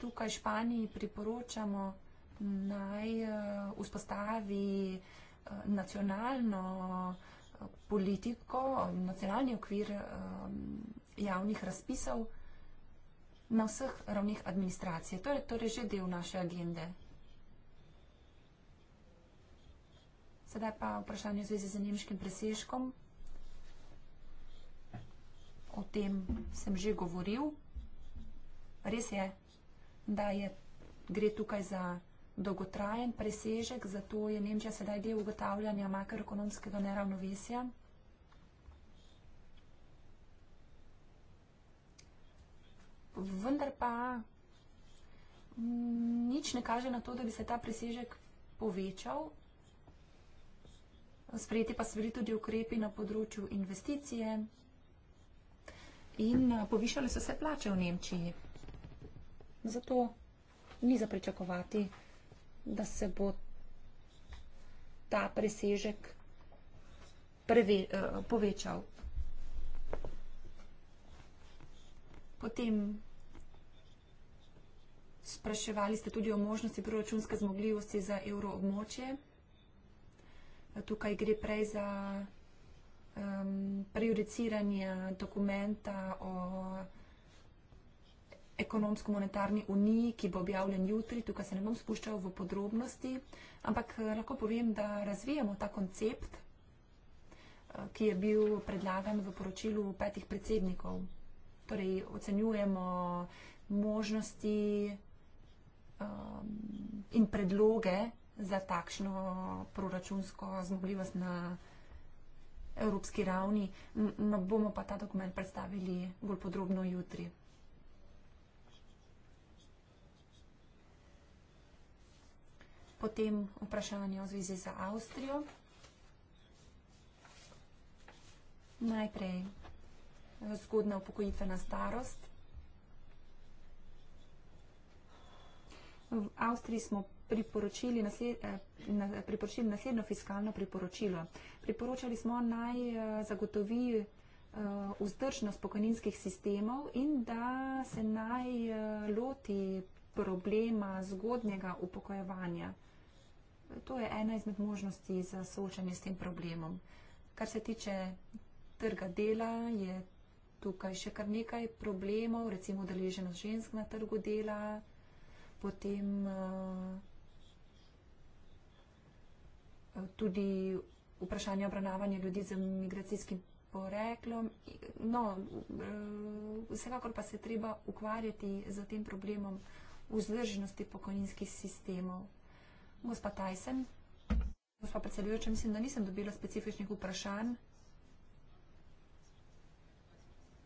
tukaj Španiji priporočamo naj uh, vzpostavi uh, nacionalno uh, politiko, nacionalni okvir um, javnih razpisov na vseh ravnih administracije. To je torej že del naše agende. Sedaj pa vprašanje v zvezi z nemškim presežkom. O tem sem že govoril. Res je, da je, gre tukaj za nekaj, dolgotrajen presežek, zato je Nemčija sedaj del ugotavljanja makroekonomskega neravnovesja. Vendar pa nič ne kaže na to, da bi se ta presežek povečal. Sprejeti pa so bili tudi ukrepi na področju investicije in eh, povišale so se plače v Nemčiji. Zato ni zapričakovati da se bo ta presežek preve, eh, povečal. Potem spraševali ste tudi o možnosti proračunske zmogljivosti za evroobmočje. Tukaj gre prej za um, prejudiciranje dokumenta o ekonomsko-monetarni uniji, ki bo objavljen jutri. Tukaj se ne bom spuščal v podrobnosti, ampak eh, lahko povem, da razvijamo ta koncept, eh, ki je bil predlagan v poročilu petih predsednikov. Torej, ocenjujemo možnosti eh, in predloge za takšno proračunsko zmogljivost na evropski ravni. No, bomo pa ta dokument predstavili bolj podrobno jutri. Potem vprašanje v zvezi z Avstrijo. Najprej zgodna upokojitvena starost. V Avstriji smo priporočili, nasled, eh, priporočili naslednjo fiskalno priporočilo. Priporočali smo naj eh, zagotovi eh, vzdržnost pokojninskih sistemov in da se naj loti problema zgodnjega upokojevanja. To je ena izmed možnosti za soočanje s tem problemom. Kar se tiče trga dela, je tukaj še kar nekaj problemov, recimo udeleženost žensk na trgu dela, potem eh, tudi vprašanje obravnavanja ljudi z migracijskim poreklom. No, eh, vsekakor pa se treba ukvarjati z tem problemom vzdržnosti pokojninskih sistemov. Gospa Tyson. Gospa predsedujoča, mislim, da nisem dobila specifičnih vprašanj.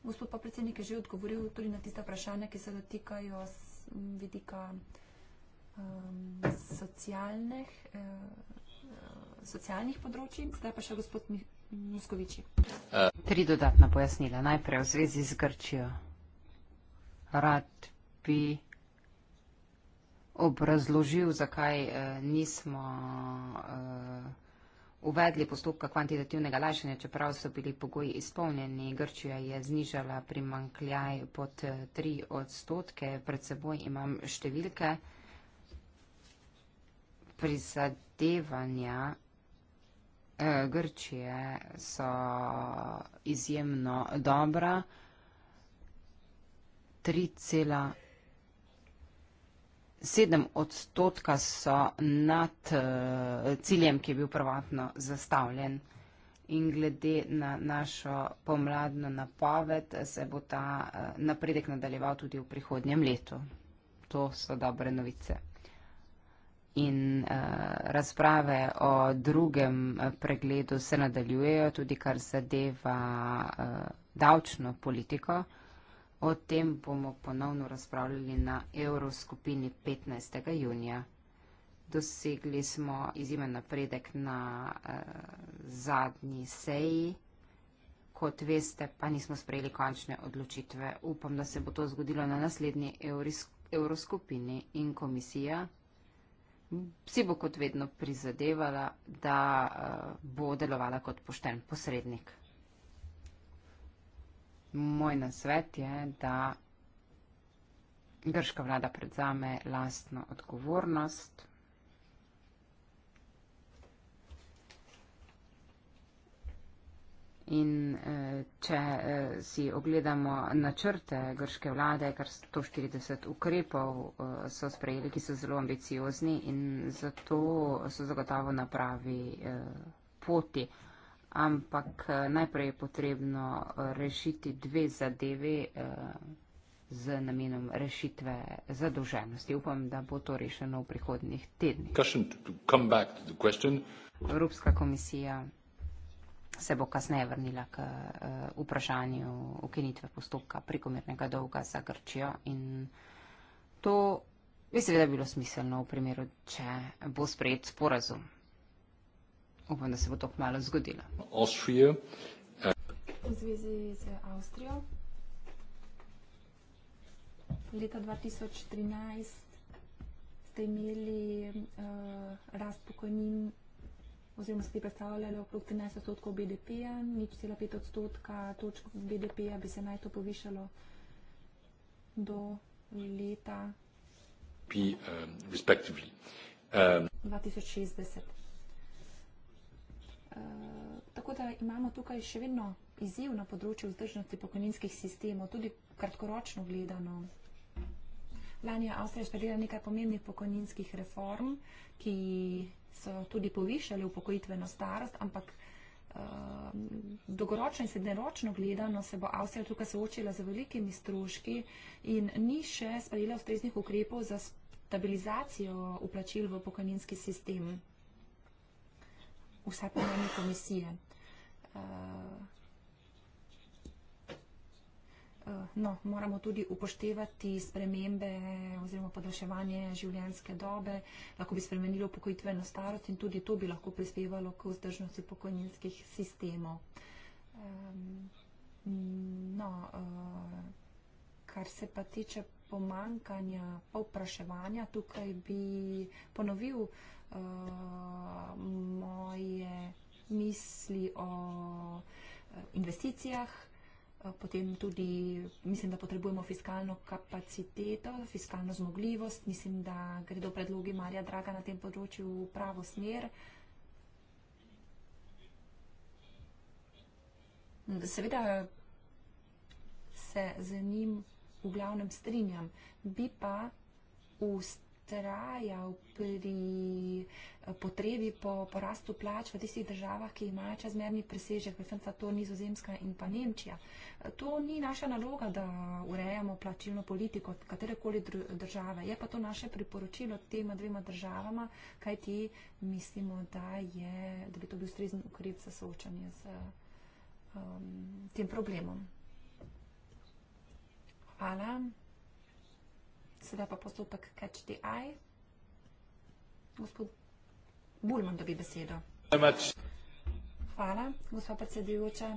Gospod pa predsednik je že odgovoril tudi na tiste vprašanja, ki se dotikajo vidika um, socialnih eh, eh, področji. Zdaj pa še gospod Muskoviči. Tri dodatna pojasnila. Najprej v zvezi z Grčijo. Rad bi obrazložil, zakaj eh, nismo eh, uvedli postopka kvantitativnega lajšanja, čeprav so bili pogoji izpolnjeni. Grčija je znižala primankljaj pod 3 eh, odstotke. Pred seboj imam številke prizadevanja. Eh, Grčije so izjemno dobra sedem odstotka so nad eh, ciljem, ki je bil prvotno zastavljen. In glede na našo pomladno napoved, se bo ta eh, napredek nadaljeval tudi v prihodnjem letu. To so dobre novice. In eh, razprave o drugem pregledu se nadaljujejo, tudi kar zadeva davčno politiko. O tem bomo ponovno razpravljali na Evroskupini 15. junija. Dosegli smo izjemen napredek na eh, zadnji seji. Kot veste, pa nismo sprejeli končne odločitve. Upam, da se bo to zgodilo na naslednji Evroskupini in komisija si bo kot vedno prizadevala, da eh, bo delovala kot pošten posrednik moj nasvet je, da grška vlada predzame lastno odgovornost. In eh, če eh, si ogledamo načrte grške vlade, kar 140 ukrepov eh, so sprejeli, ki so zelo ambiciozni in zato so zagotovo na pravi poti ampak eh, najprej je potrebno eh, rešiti dve zadevi eh, z namenom rešitve zadolženosti. Upam, da bo to rešeno v prihodnih tednih. Evropska komisija se bo kasneje vrnila k vprašanju ukinitve postopka prekomernega dolga za Grčijo in to bi seveda bilo smiselno v primeru, če bo sprejet sporazum. Upam, da se bo to kmalo zgodilo. Austrija. Eh, v zvezi z Avstrijo. Leta 2013 ste imeli uh, rast pokojnin oziroma ste predstavljali okrog 13 odstotkov BDP-ja, nič cela pet odstotka točk BDP-ja bi se naj to povišalo do leta 2060. Eh, tako da imamo tukaj še vedno izjiv na področju vzdržnosti pokojninskih sistemov, tudi kratkoročno gledano. Lani je Avstrija sprejela nekaj pomembnih pokojninskih reform, ki so tudi povišali upokojitveno starost, ampak uh, dolgoročno in srednjeročno gledano se bo Avstrija tukaj soočila z velikimi stroški in ni še sprejela ustreznih ukrepov za stabilizacijo uplačil v pokojninski sistem vse pomeni komisije. Eh, eh, no, moramo tudi upoštevati spremembe oziroma podaljševanje življenjske dobe, lahko bi spremenilo pokojitveno starost in tudi to bi lahko prispevalo k vzdržnosti pokojninskih sistemov. No, eh, kar se pa tiče pomankanja povpraševanja. Tukaj bi ponovil uh, moje misli o eh, investicijah, eh, potem tudi mislim, da potrebujemo fiskalno kapaciteto, fiskalno zmogljivost. Mislim, da gredo predlogi Marja Draga na tem področju v pravo smer. Seveda se zanimam v glavnem strinjam. Bi pa ustrajal pri eh, potrebi po porastu plač v tistih državah, ki imajo čezmerni presežek, predvsem sta to nizozemska in pa Nemčija. Eh, to ni naša naloga, da urejamo plačilno politiko katerekoli države. Je pa to naše priporočilo tema dvema državama, kaj ti mislimo, da, je, da bi to bil strezen ukrep za soočanje z eh, um, tem problemom. Hvala. Sedaj pa postopek catch the eye. Gospod Bulman dobi besedo. Hvala, gospod predsedujoča.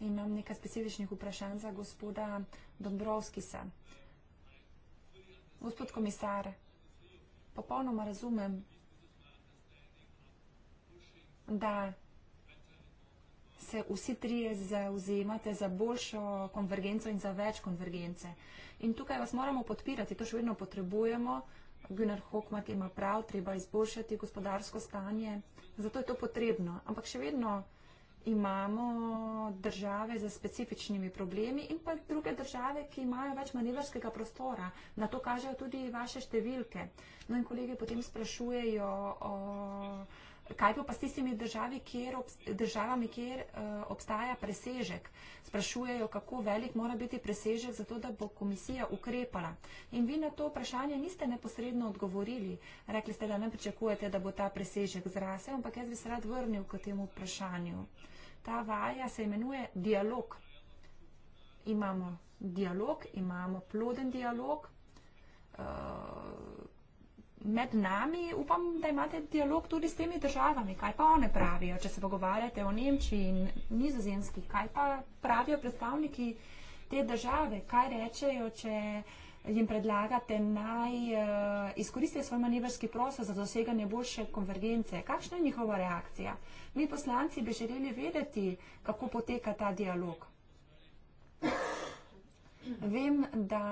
Imam nekaj specifičnih vprašanj za gospoda Dombrovskisa. Gospod komisar, popolnoma razumem, da se vsi trije zauzemate za boljšo konvergenco in za več konvergence. In tukaj vas moramo podpirati, to še vedno potrebujemo. Günar Hokmat ima prav, treba izboljšati gospodarsko stanje, zato je to potrebno. Ampak še vedno imamo države z specifičnimi problemi in pa druge države, ki imajo več manevrskega prostora. Na to kažejo tudi vaše številke. No in kolegi potem sprašujejo o. Uh, Kaj pa s tistimi državi, kjer obs, državami, kjer uh, obstaja presežek? Sprašujejo, kako velik mora biti presežek, zato da bo komisija ukrepala. In vi na to vprašanje niste neposredno odgovorili. Rekli ste, da ne pričakujete, da bo ta presežek zrasel, ampak jaz bi se rad vrnil k temu vprašanju. Ta vaja se imenuje dialog. Imamo dialog, imamo ploden dialog. Uh, med nami, upam, da imate dialog tudi s temi državami. Kaj pa one pravijo, če se pogovarjate o Nemčiji in nizozemski? Kaj pa pravijo predstavniki te države? Kaj rečejo, če jim predlagate naj uh, izkoristijo svoj manevrski prostor za doseganje boljše konvergence? Kakšna je njihova reakcija? Mi poslanci bi želeli vedeti, kako poteka ta dialog. Vem, da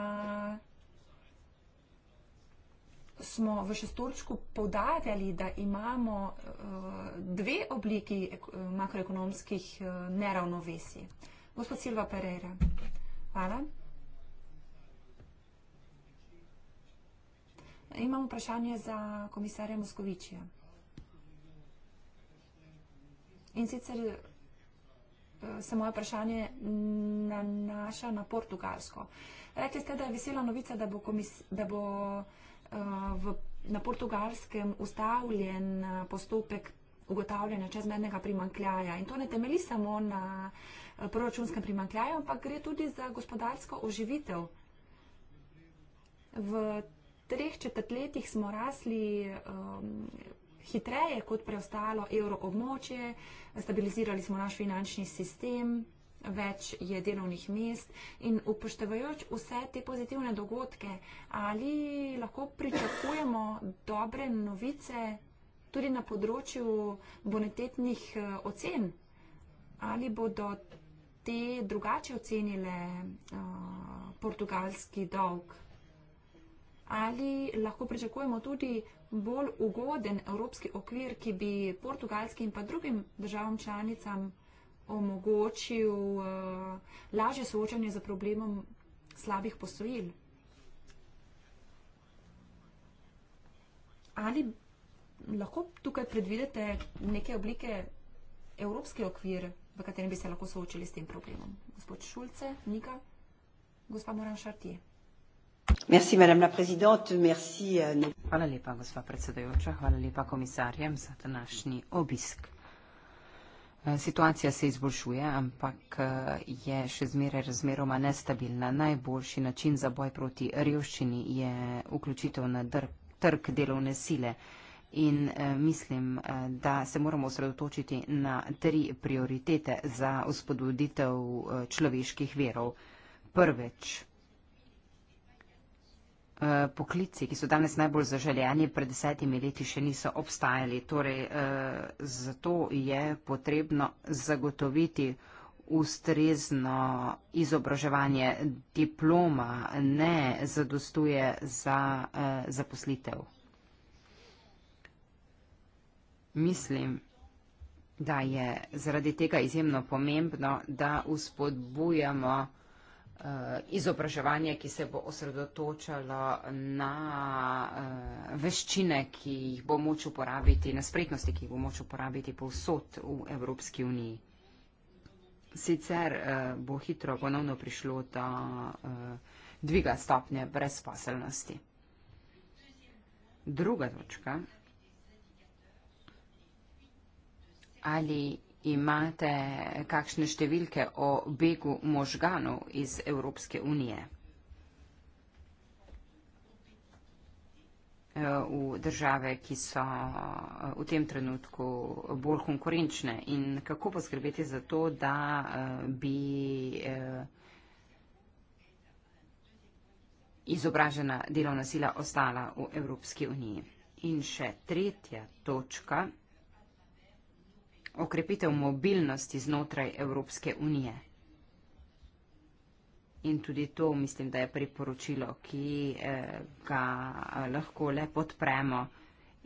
smo v šestorčku povdarjali, da imamo eh, dve obliki eh, makroekonomskih eh, neravnovesij. Gospod Silva Pereira, hvala. Imamo vprašanje za komisarja Moskovičija. In sicer se moje vprašanje nanaša na Portugalsko. Rekli ste, da je vesela novica, da bo komisarja uh, v, na portugalskem ustavljen eh, postopek ugotavljanja čezmernega primankljaja. In to ne temeli samo na eh, proračunskem primankljaju, ampak gre tudi za gospodarsko oživitev. V treh četrtletjih smo rasli um, hitreje kot preostalo evroobmočje, stabilizirali smo naš finančni sistem, več je delovnih mest in upoštevajoč vse te pozitivne dogodke, ali lahko pričakujemo dobre novice tudi na področju bonitetnih eh, ocen? Ali bodo te drugače ocenile uh, portugalski dolg? Ali lahko pričakujemo tudi bolj ugoden evropski okvir, ki bi portugalskim in pa drugim državam članicam omogočil uh, lažje soočanje z problemom slabih posojil? Ali lahko tukaj predvidite neke oblike evropske okvire, v katerem bi se lahko soočili s tem problemom? Gospod Šulce, Nika, gospa Moran Šartije. Merci, madame la présidente. Merci. Euh, Hvala lepa, gospa predsedajoča. Hvala lepa komisarjem za današnji obisk. Eh, situacija se izboljšuje, ampak eh, je še zmeraj razmeroma nestabilna. Najboljši način za boj proti revščini je vključitev na trg delovne sile. In eh, mislim, da se moramo osredotočiti na tri prioritete za uspododitev človeških verov. Prvič, Eh, poklici, ki so danes najbolj zaželjeni, pred desetimi leti še niso obstajali. Torej, eh, zato je potrebno zagotoviti ustrezno izobraževanje. Diploma ne zadostuje za eh, zaposlitev. Mislim, da je zaradi tega izjemno pomembno, da uspodbujamo Eh, izobraževanje, ki se bo osredotočalo na uh, veščine, ki jih bo moč uporabiti, na spretnosti, ki jih bo moč uporabiti povsod v Evropski uniji. Sicer uh, bo hitro ponovno prišlo do uh, dviga stopnje brezposelnosti. Druga točka. Ali imate kakšne številke o begu možganov iz Evropske unije eh, v države, ki so eh, v tem trenutku bolj konkurenčne in kako poskrbeti za to, da eh, bi izobražena delovna sila ostala v Evropski uniji. In še tretja točka, okrepitev mobilnosti znotraj Evropske unije. In tudi to mislim, da je priporočilo, ki eh, ga eh, lahko le podpremo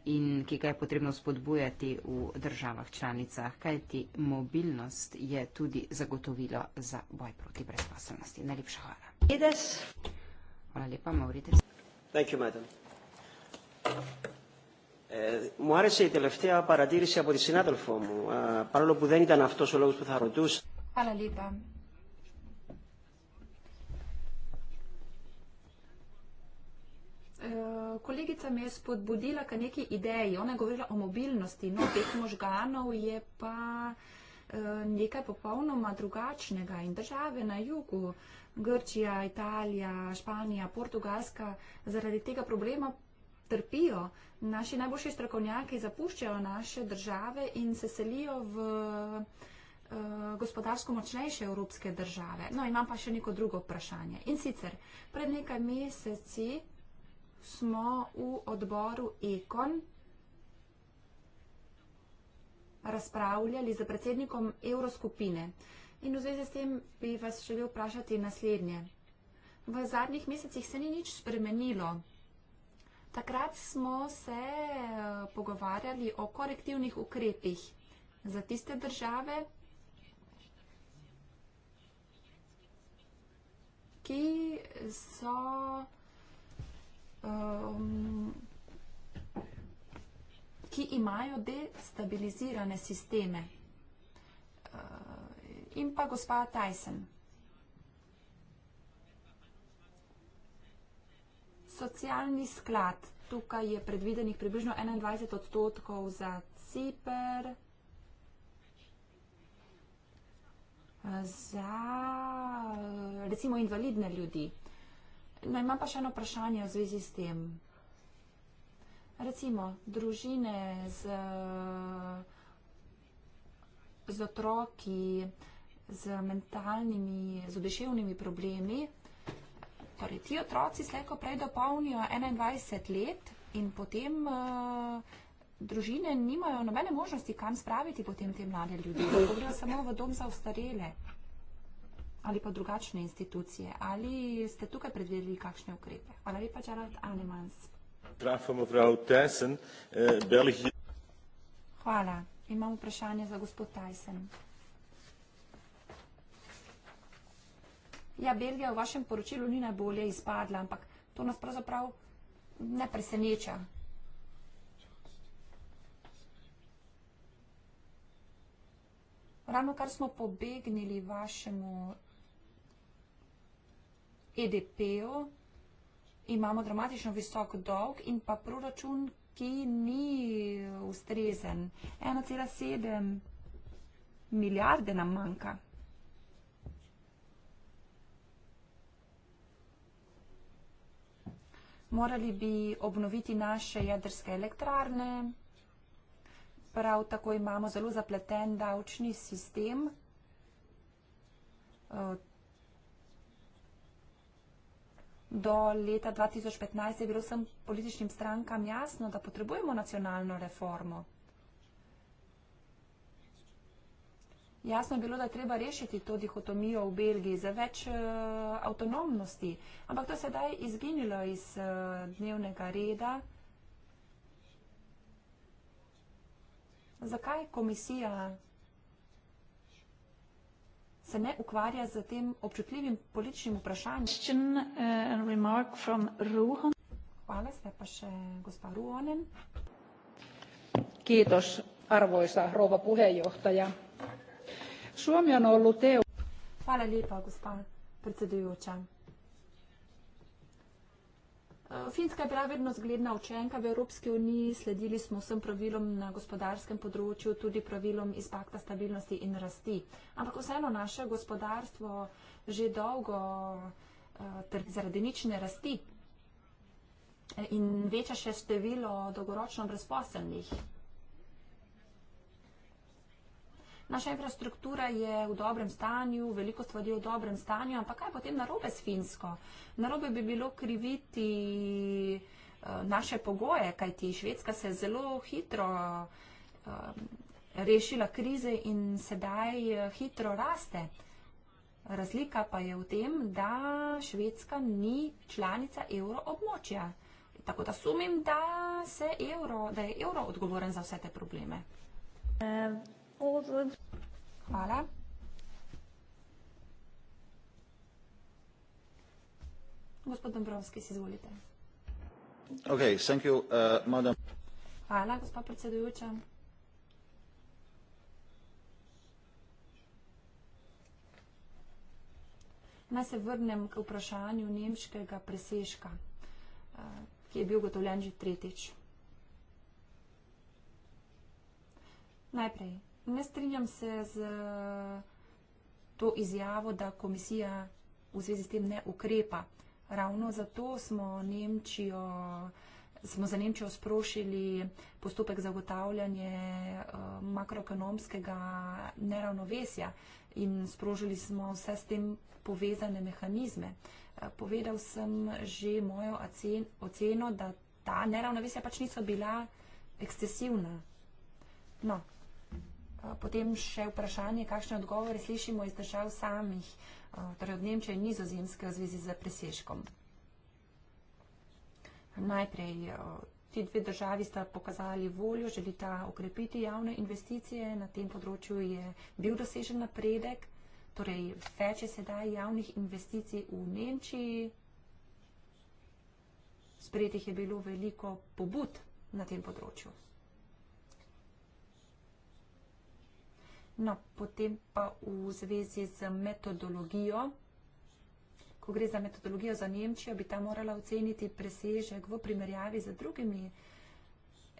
in ki ga je potrebno spodbujati v državah članicah, kajti mobilnost je tudi zagotovilo za boj proti brezposelnosti. Najlepša hvala. Hvala lepa, Maurite. Thank you, madam μου άρεσε η τελευταία παρατήρηση από τη συνάδελφό μου, ε, παρόλο που δεν ήταν αυτός ο λόγος που θα ρωτούσα. Παραλίτα. Kolegica me je spodbudila k neki ideji. Ona je govorila o mobilnosti, no pet možganov je pa nekaj popolnoma drugačnega. In države na jugu, Grčija, Italija, Španija, Portugalska, zaradi tega problema trpijo. Naši najboljši strokovnjaki zapuščajo naše države in se selijo v eh, gospodarsko močnejše evropske države. No, imam pa še neko drugo vprašanje. In sicer, pred nekaj meseci smo v odboru Ekon razpravljali z predsednikom Evroskupine. In v zvezi s tem bi vas želel vprašati naslednje. V zadnjih mesecih se ni nič spremenilo. Takrat smo se eh, pogovarjali o korektivnih ukrepih za tiste države, ki so um, ki imajo destabilizirane sisteme. Eh, in pa gospa Tyson. socialni sklad. Tukaj je predvidenih približno 21 odstotkov za CIPER. Za recimo invalidne ljudi. No, imam pa še eno vprašanje v zvezi s tem. Recimo, družine z, z otroki, z mentalnimi, z duševnimi problemi, torej, ti otroci slejko prej dopolnijo 21 let in potem uh, družine nimajo nobene možnosti, kam spraviti potem te mlade ljudi. Lahko grejo samo v dom za ostarele ali pa drugačne institucije. Ali ste tukaj predvideli kakšne ukrepe? Hvala lepa, Gerald Anemans. Eh, Hvala. Imam vprašanje za gospod Tyson. ja, Belgija v vašem poročilu ni najbolje izpadla, ampak to nas pravzaprav ne preseneča. Ravno kar smo pobegnili vašemu EDP-u, imamo dramatično visok dolg in pa proračun, ki ni ustrezen. 1,7 milijarde nam manjka. Morali bi obnoviti naše jedrske elektrarne, prav tako imamo zelo zapleten davčni sistem. Do leta 2015 je bilo vsem političnim strankam jasno, da potrebujemo nacionalno reformo. Jasno je bilo, da treba rešiti to dihotomijo v Belgiji za več uh, avtonomnosti, ampak to sedaj izginilo iz uh, dnevnega reda. Zakaj komisija se ne ukvarja z tem občutljivim političnim vprašanjem? Eh, Hvala, ste pa še gospa Ruonen. Kitoš, arvoisa rova puhejohtaja. Suomi on ollut EU... Hvala lepa, gospa predsedujoča. E, Finska je bila vedno zgledna učenka v Evropski uniji, sledili smo vsem pravilom na gospodarskem področju, tudi pravilom iz pakta stabilnosti in rasti. Ampak vseeno naše gospodarstvo že dolgo e, zaradi nične rasti e, in veča še število dolgoročno brezposelnih. Naša infrastruktura je v dobrem stanju, veliko stvari je v dobrem stanju, ampak kaj potem narobe s Finsko? Narobe bi bilo kriviti eh, naše pogoje, kajti Švedska se je zelo hitro eh, rešila krize in sedaj eh, hitro raste. Razlika pa je v tem, da Švedska ni članica evroobmočja. Tako da sumim, da, evro, da je evro odgovoren za vse te probleme. Hose. Hala. Gospod Dombrovski, si izvolite. Okay, thank you, uh, madam. Hvala, gospa predsedujoča. Naj se vrnem k vprašanju nemškega presežka, uh, ki je bil ugotovljen že tretjič. Najprej, ne strinjam se z eh, to izjavo, da komisija v zvezi s tem ne ukrepa. Ravno zato smo, Nemčijo, smo za Nemčijo sprošili postopek zagotavljanje eh, makroekonomskega neravnovesja in sprožili smo vse s tem povezane mehanizme. Eh, povedal sem že mojo oceno, da ta neravnovesja pač niso bila ekscesivna. No, Potem še vprašanje, kakšne odgovore slišimo iz držav samih, torej od Nemčije in Nizozemske v zvezi z presežkom. Najprej, ti dve državi sta pokazali voljo, želita ukrepiti javne investicije, na tem področju je bil dosežen napredek, torej več je sedaj javnih investicij v Nemčiji, sprejetih je bilo veliko pobud na tem področju. No, potem pa v zvezi z metodologijo. Ko gre za metodologijo za Nemčijo, bi ta morala oceniti presežek v primerjavi z drugimi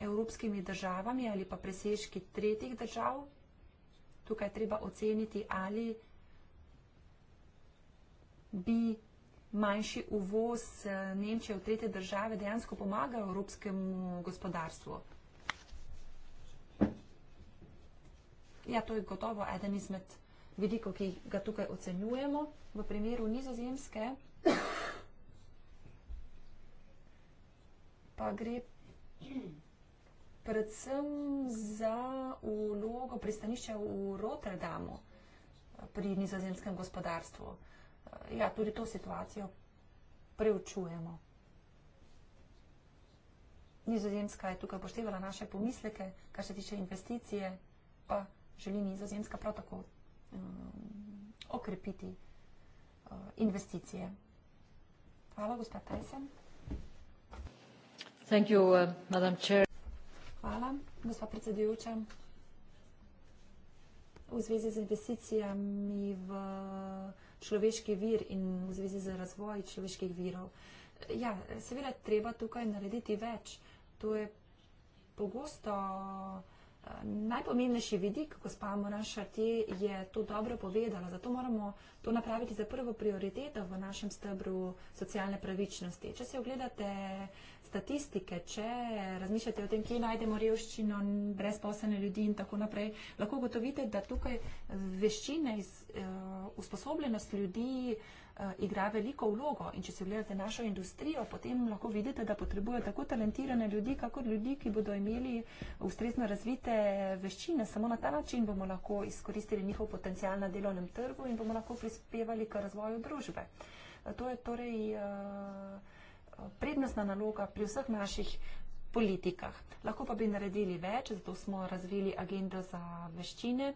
evropskimi državami ali pa presežki tretjih držav. Tukaj treba oceniti, ali bi manjši uvoz eh, Nemčije v tretje države dejansko pomagal evropskemu gospodarstvu. Ja, to je gotovo eden izmed vidikov, ki ga tukaj ocenjujemo. V primeru nizozemske pa gre predvsem za ulogo pristanišča v Rotterdamu pri nizozemskem gospodarstvu. Ja, tudi to situacijo preučujemo. Nizozemska je tukaj poštevala naše pomisleke, kar se tiče investicije, pa nizozemske želi nizozemska prav tako um, okrepiti uh, investicije. Hvala, gospa Tyson. Thank you, uh, Hvala, gospa predsedujoča. V zvezi z investicijami v človeški vir in v zvezi z razvoj človeških virov. Ja, seveda treba tukaj narediti več. To je pogosto Najpomembnejši vidik, gospa Moranša, ti je to dobro povedala, zato moramo to napraviti za prvo prioriteto v našem stebru socialne pravičnosti. Če si ogledate statistike, če razmišljate o tem, kje najdemo revščino, brezposelne ljudi in tako naprej, lahko gotovite, da tukaj veščine, eh, usposobljenost ljudi, uh, uh, igra veliko vlogo. In če se gledate našo industrijo, potem lahko vidite, da potrebuje tako talentirane ljudi, kakor ljudi, ki bodo imeli ustrezno razvite veščine. Samo na ta način bomo lahko izkoristili njihov potencial na delovnem trgu in bomo lahko prispevali k razvoju družbe. Eh, to je torej uh, prednostna naloga pri vseh naših. Politikah. Lahko pa bi naredili več, zato smo razvili agendo za veščine,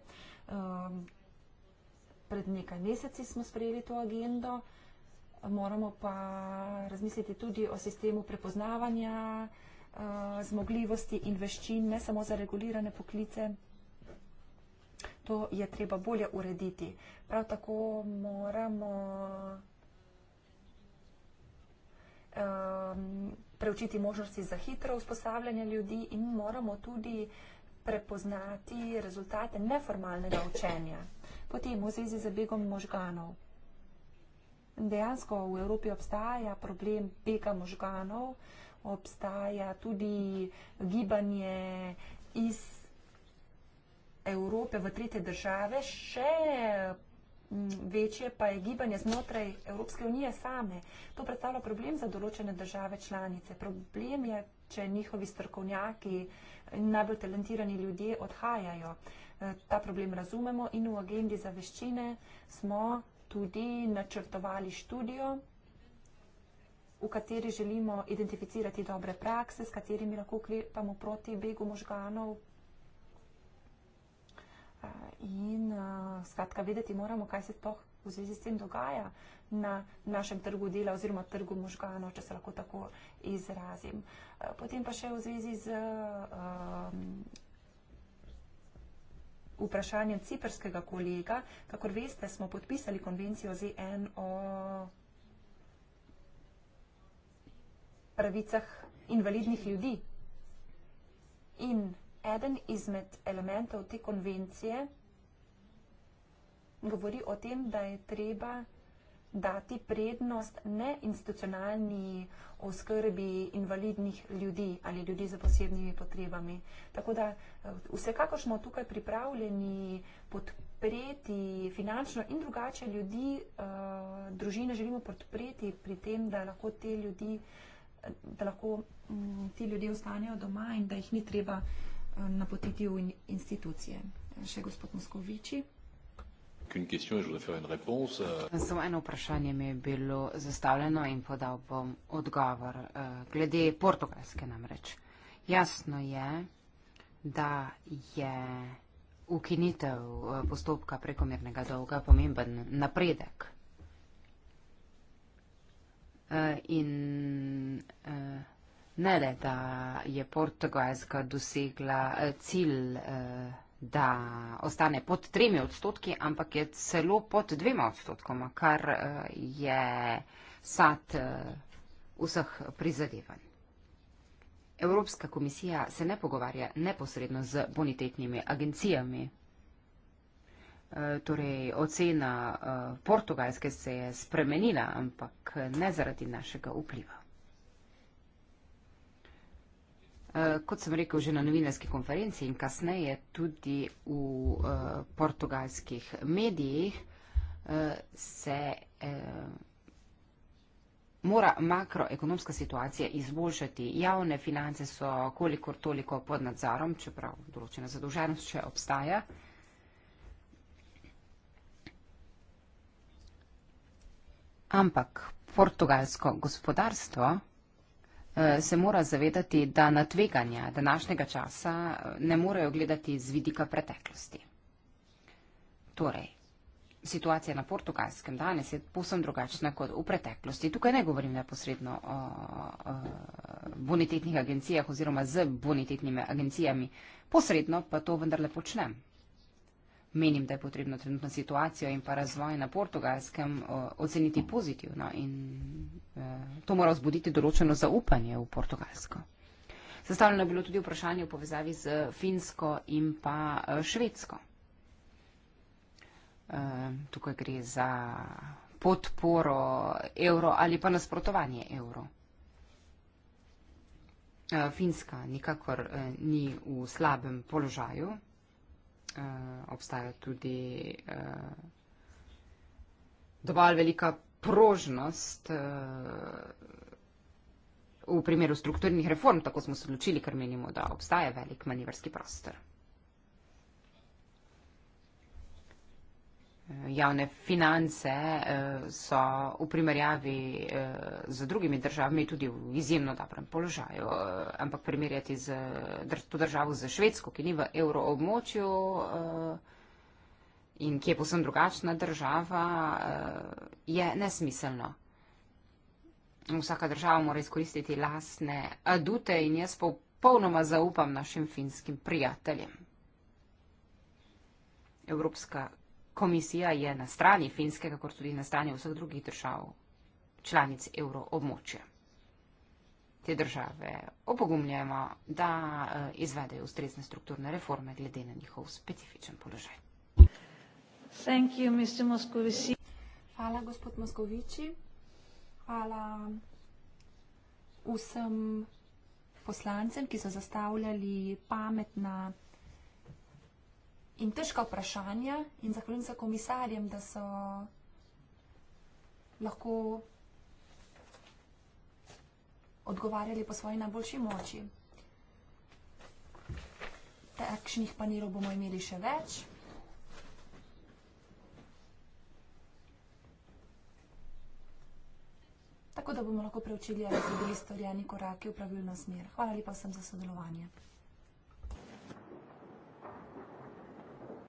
pred nekaj meseci smo sprejeli to agendo, moramo pa razmisliti tudi o sistemu prepoznavanja eh, zmogljivosti in veščin, ne samo za regulirane poklice. To je treba bolje urediti. Prav tako moramo ehm, preučiti možnosti za hitro usposabljanje ljudi in moramo tudi prepoznati rezultate neformalnega učenja potem v zvezi z begom možganov. Dejansko v Evropi obstaja problem bega možganov, obstaja tudi gibanje iz Evrope v tretje države, še večje pa je gibanje znotraj Evropske unije same. To predstavlja problem za določene države članice. Problem je, če njihovi strkovnjaki, najbolj talentirani ljudje odhajajo. Eh, ta problem razumemo in v agendi za veščine smo tudi načrtovali študijo, v kateri želimo identificirati dobre prakse, s katerimi lahko ukrepamo proti begu možganov. Eh, in eh, skratka, vedeti moramo, kaj se to v zvezi s tem dogaja na našem trgu dela oziroma trgu možganov, če se lahko tako izrazim. Potem pa še v zvezi z vprašanjem ciperskega kolega. Kakor veste, smo podpisali konvencijo ZN o pravicah invalidnih ljudi. In eden izmed elementov te konvencije govori o tem, da je treba dati prednost neinstitucionalni oskrbi invalidnih ljudi ali ljudi z posebnimi potrebami. Tako da eh, vsekakor smo tukaj pripravljeni podpreti finančno in drugače ljudi, eh, družine želimo podpreti pri tem, da lahko te ljudi, da lahko mm, ti ljudje ostanejo doma in da jih ni treba eh, napotiti v institucije. Še gospod Moskoviči. Euh. Samo eno vprašanje mi je bilo zastavljeno in podal bom odgovor. Eh, glede portugalske namreč. Jasno je, da je ukinitev eh, postopka prekomernega dolga pomemben napredek. Eh, in ne le, da je portugalska dosegla cilj da ostane pod tremi odstotki, ampak je celo pod dvema odstotkoma, kar eh, je sad eh, vseh prizadevanj. Evropska komisija se ne pogovarja neposredno z bonitetnimi agencijami. Eh, torej, ocena portugalske se je spremenila, ampak ne zaradi našega vpliva. Eh, kot sem rekel že na novinarski konferenci in kasneje tudi v uh, portugalskih medijih, uh, se uh, mora makroekonomska situacija izboljšati. Javne finance so kolikor toliko pod nadzorom, čeprav določena zadolženost še obstaja. Ampak portugalsko gospodarstvo Eh, se mora zavedati, da na tveganja današnjega časa eh, ne morejo gledati z vidika preteklosti. Torej, situacija na portugalskem danes je posebno drugačna kot v preteklosti. Tukaj ne govorim neposredno o, o bonitetnih agencijah oziroma z bonitetnimi agencijami, posredno pa to vendarle počnem menim, da je potrebno trenutno situacijo in pa razvoj na portugalskem eh, oceniti pozitivno in eh, to mora vzbuditi določeno zaupanje v portugalsko. Sestavljeno je bilo tudi vprašanje v povezavi z Finsko in pa eh, Švedsko. Tukaj gre za podporo evro ali pa nasprotovanje evro. Finska nikakor ni v slabem položaju, Eh, obstaja tudi uh, dovolj velika prožnost uh, v primeru strukturnih reform, tako smo se odločili, ker menimo, da obstaja velik manjvrski prostor. javne finance eh, so v primerjavi eh, z drugimi državami tudi v izjemno dobrem položaju, eh, ampak primerjati z, to državo z Švedsko, ki ni v evroobmočju in ki je posebno drugačna država, je nesmiselno. Vsaka država mora izkoristiti lastne adute in jaz popolnoma zaupam našim finskim prijateljem. Evropska komisija je na strani finskega, kot tudi na strani vseh drugih držav, članic evroobmočja. Te države opogumljamo, da e, izvedejo ustrezne strukturne reforme glede na njihov specifičen položaj. You, Hvala, gospod Moskoviči. Hvala vsem poslancem, ki so zastavljali pametna in težka vprašanja in zahvaljujem se komisarjem, da so lahko odgovarjali po svoji najboljši moči. Takšnih panelov bomo imeli še več. Tako da bomo lahko preučili, ali so bili storjeni koraki v pravilno smer. Hvala lepa vsem za sodelovanje.